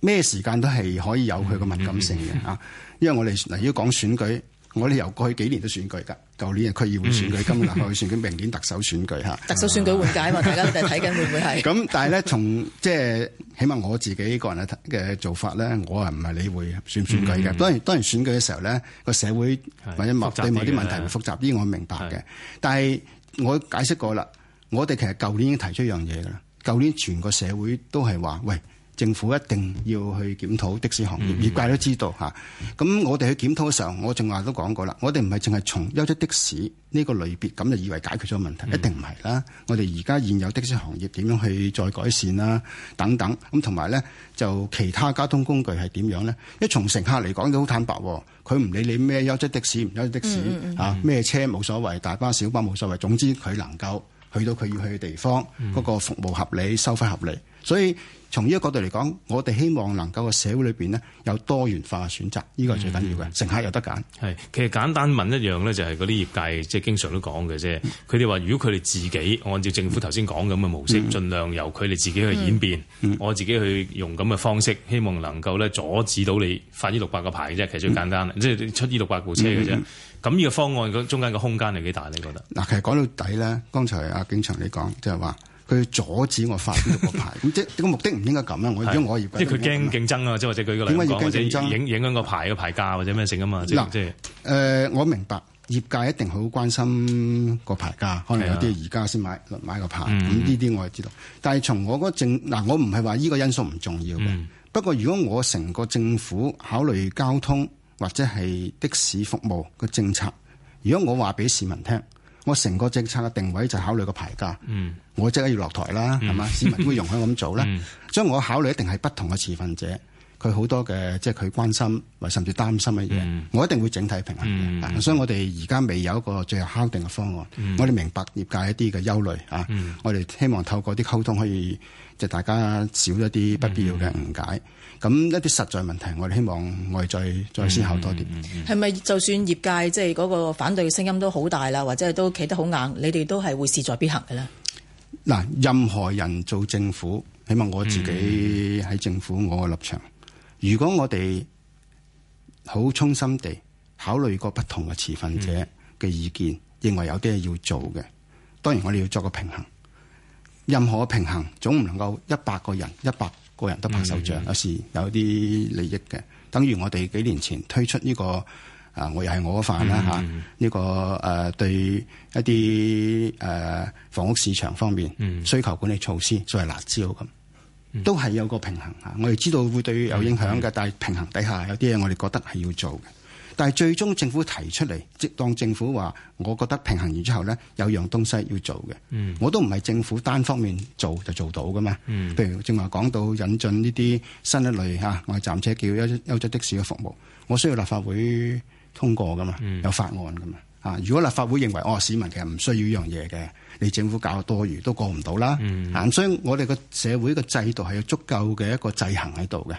咩時間都係可以有佢嘅敏感性嘅啊，嗯、因為我哋嗱，如果講選舉，我哋由過去幾年都選舉噶舊年係區議會選舉，今年係立法會選舉，明年特首選舉吓。嗯嗯、特首選舉緩解嘛？ 大家睇緊會唔會係咁？但係咧，從即係起碼我自己個人嘅做法咧，我啊唔係理會選唔選舉嘅、嗯。當然當然，選舉嘅時候咧，個社會或者某啲某啲問題會複雜啲，雜，我明白嘅。是但係我解釋過啦，我哋其實舊年已經提出一樣嘢噶啦舊年全個社會都係話喂。政府一定要去檢討的士行業，嗯、業界都知道嚇咁嗯、我哋去檢討嘅時候，我正話都講過啦。我哋唔係淨係從優質的士呢個類別咁就以為解決咗問題，嗯、一定唔係啦。我哋而家現有的士行業點樣去再改善啦、啊，等等咁，同埋咧就其他交通工具係點樣咧？因為從乘客嚟講都好坦白，佢唔理你咩優質的士唔優質的士嚇，嗯嗯啊、咩車冇所謂，大巴小巴冇所謂，總之佢能夠去到佢要去嘅地方，嗰，嗯、個服務合理，收費合理，所以。從呢一個角度嚟講，我哋希望能夠個社會裏邊呢有多元化嘅選擇，呢個係最緊要嘅。嗯、乘客有得揀係。其實簡單問一樣呢，就係嗰啲業界即係經常都講嘅啫。佢哋話，如果佢哋自己按照政府頭先講咁嘅模式，儘、嗯、量由佢哋自己去演變，嗯、我自己去用咁嘅方式，希望能夠咧阻止到你發呢六百個牌啫。其實最簡單即係、嗯、出呢六百部車嘅啫。咁呢、嗯嗯、個方案中間個空間係幾大嚟㗎，你覺得？嗱、嗯，其實講到底咧，剛才阿景祥你講即係話。就是佢阻止我發呢個牌，咁即係個目的唔應該咁啦。我如果我，以，即佢驚競爭啊，即係或者舉個例點解要競爭或者影影響個牌個牌價或者咩成啊嘛。嗱嘆，即係誒，我明白業界一定好關心個牌價，可能有啲而家先買，買的買個牌。咁呢啲我係知道，但係從我嗰政，嗱、呃、我唔係話呢個因素唔重要。嗯、不過如果我成個政府考慮交通或者係的士服務個政策，如果我話俾市民聽。我成個政策嘅定位就考慮個牌價，嗯、我即刻要落台啦，係嘛？嗯、市民都會容許我咁做呢？嗯、所以我考慮一定係不同嘅持份者，佢好多嘅即係佢關心或甚至擔心嘅嘢，嗯、我一定會整體平衡嘅。嗯、所以我哋而家未有一個最後敲定嘅方案，嗯、我哋明白業界一啲嘅憂慮嚇，嗯、我哋希望透過啲溝通可以，即係大家少一啲不必要嘅誤解。咁一啲實在問題我哋希望我哋再再思考多啲。係咪、嗯嗯嗯、就算業界即係嗰個反對嘅聲音都好大啦，或者係都企得好硬，你哋都係會事在必行嘅咧？嗱，任何人做政府，起碼我自己喺政府，我嘅立場，嗯、如果我哋好衷心地考慮過不同嘅持份者嘅意見，嗯、認為有啲嘢要做嘅，當然我哋要做個平衡。任何嘅平衡總唔能夠一百個人一百。個人都拍手掌，有時有啲利益嘅，等於我哋幾年前推出呢、這個啊，我又係我嘅飯啦嚇，呢、嗯啊這個誒、呃、對一啲誒、呃、房屋市場方面需求管理措施，所謂辣招咁，都係有個平衡嚇。我哋知道會對有影響嘅，嗯、但係平衡底下有啲嘢我哋覺得係要做嘅。但係最終政府提出嚟，即當政府話，我覺得平衡完之後咧，有樣東西要做嘅。嗯、我都唔係政府單方面做就做到㗎嘛。嗯、譬如正話講到引進呢啲新一類嚇、啊，我係暫且叫優優質的士嘅服務，我需要立法會通過㗎嘛，嗯、有法案㗎嘛。啊，如果立法會認為哦，市民其實唔需要呢樣嘢嘅，你政府搞得多餘都過唔到啦、嗯。所以我哋個社會個制度係有足夠嘅一個制衡喺度嘅。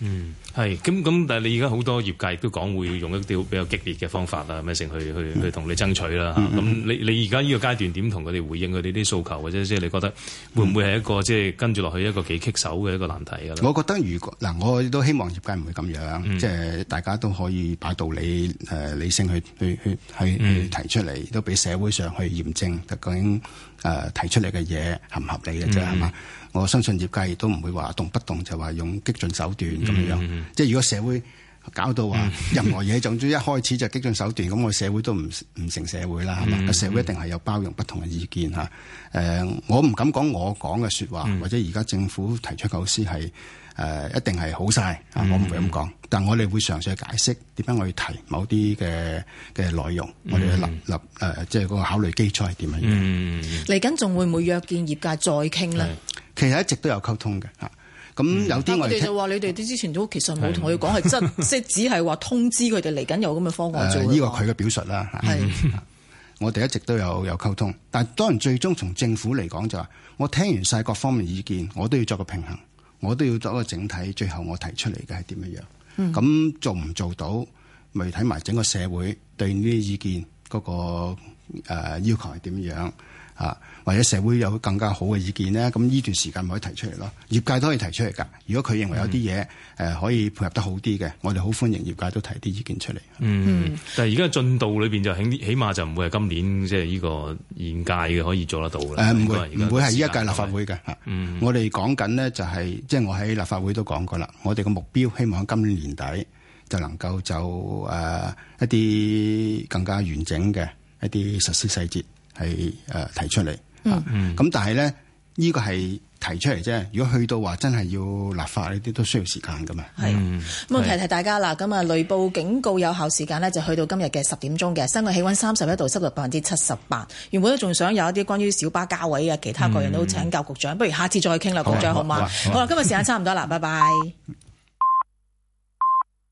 嗯，係咁咁，但係你而家好多業界都講會用一啲比較激烈嘅方法啊，咩成、嗯、去去去同、嗯、你爭取啦咁、嗯、你你而家呢個階段點同佢哋回應佢哋啲訴求？或者即係你覺得會唔會係一個即係、嗯、跟住落去一個幾棘手嘅一個難題咧？我覺得如果嗱，我都希望業界唔會咁樣，即係、嗯、大家都可以擺道理誒理性去去去去提出嚟，都俾社會上去驗證，究竟誒、呃、提出嚟嘅嘢合唔合理嘅啫，係嘛、嗯？即係我相信業界亦都唔會話動不動就話用激進手段咁樣樣，mm hmm. 即係如果社會搞到話任何嘢，總之、mm hmm. 一開始就激進手段，咁我社會都唔唔成社會啦，係嘛！個、mm hmm. 社會一定係有包容不同嘅意見吓，誒、呃，我唔敢講我講嘅說的話，mm hmm. 或者而家政府提出構思係誒一定係好晒啊，我唔會咁講，mm hmm. 但我哋會嘗試去解釋點解去提某啲嘅嘅內容，mm hmm. 我哋嘅立立誒即係個考慮基礎係點樣樣。嚟緊仲會唔會約見業界再傾咧？其實一直都有溝通嘅嚇，咁、嗯嗯、有啲我哋就話你哋啲之前都其實冇同我哋講係真，即係的的只係話通知佢哋嚟緊有咁嘅方案。呢依、呃這個佢嘅表述啦，係的我哋一直都有有溝通，但係當然最終從政府嚟講就話、是，我聽完晒各方面意見，我都要作個平衡，我都要作一個整體，最後我提出嚟嘅係點樣樣。咁、嗯、做唔做到，咪睇埋整個社會對呢啲意見嗰、那個、呃、要求係點樣樣。啊，或者社會有更加好嘅意見咧，咁呢段時間咪可以提出嚟咯。業界都可以提出嚟噶。如果佢認為有啲嘢誒可以配合得好啲嘅，嗯、我哋好歡迎業界都提啲意見出嚟。嗯，但係而家進度裏邊就係起碼就唔會係今年即係呢個現屆嘅可以做得到啦。唔、呃、唔會唔會係呢一屆立法會嘅嚇、嗯。我哋講緊呢，就係即係我喺立法會都講過啦。我哋嘅目標希望喺今年年底就能夠就誒、呃、一啲更加完整嘅一啲實施細節。係誒提出嚟，咁但係咧呢個係提出嚟啫。如果去到話真係要立法呢啲，都需要時間噶嘛。係，咁我提提大家啦。咁啊雷暴警告有效時間呢，就去到今日嘅十點鐘嘅。室外氣溫三十一度，濕度百分之七十八。原本都仲想有一啲關於小巴加位啊，其他個人都請教局長。不如下次再傾啦，局長好嘛？好啦，今日時間差唔多啦，拜拜。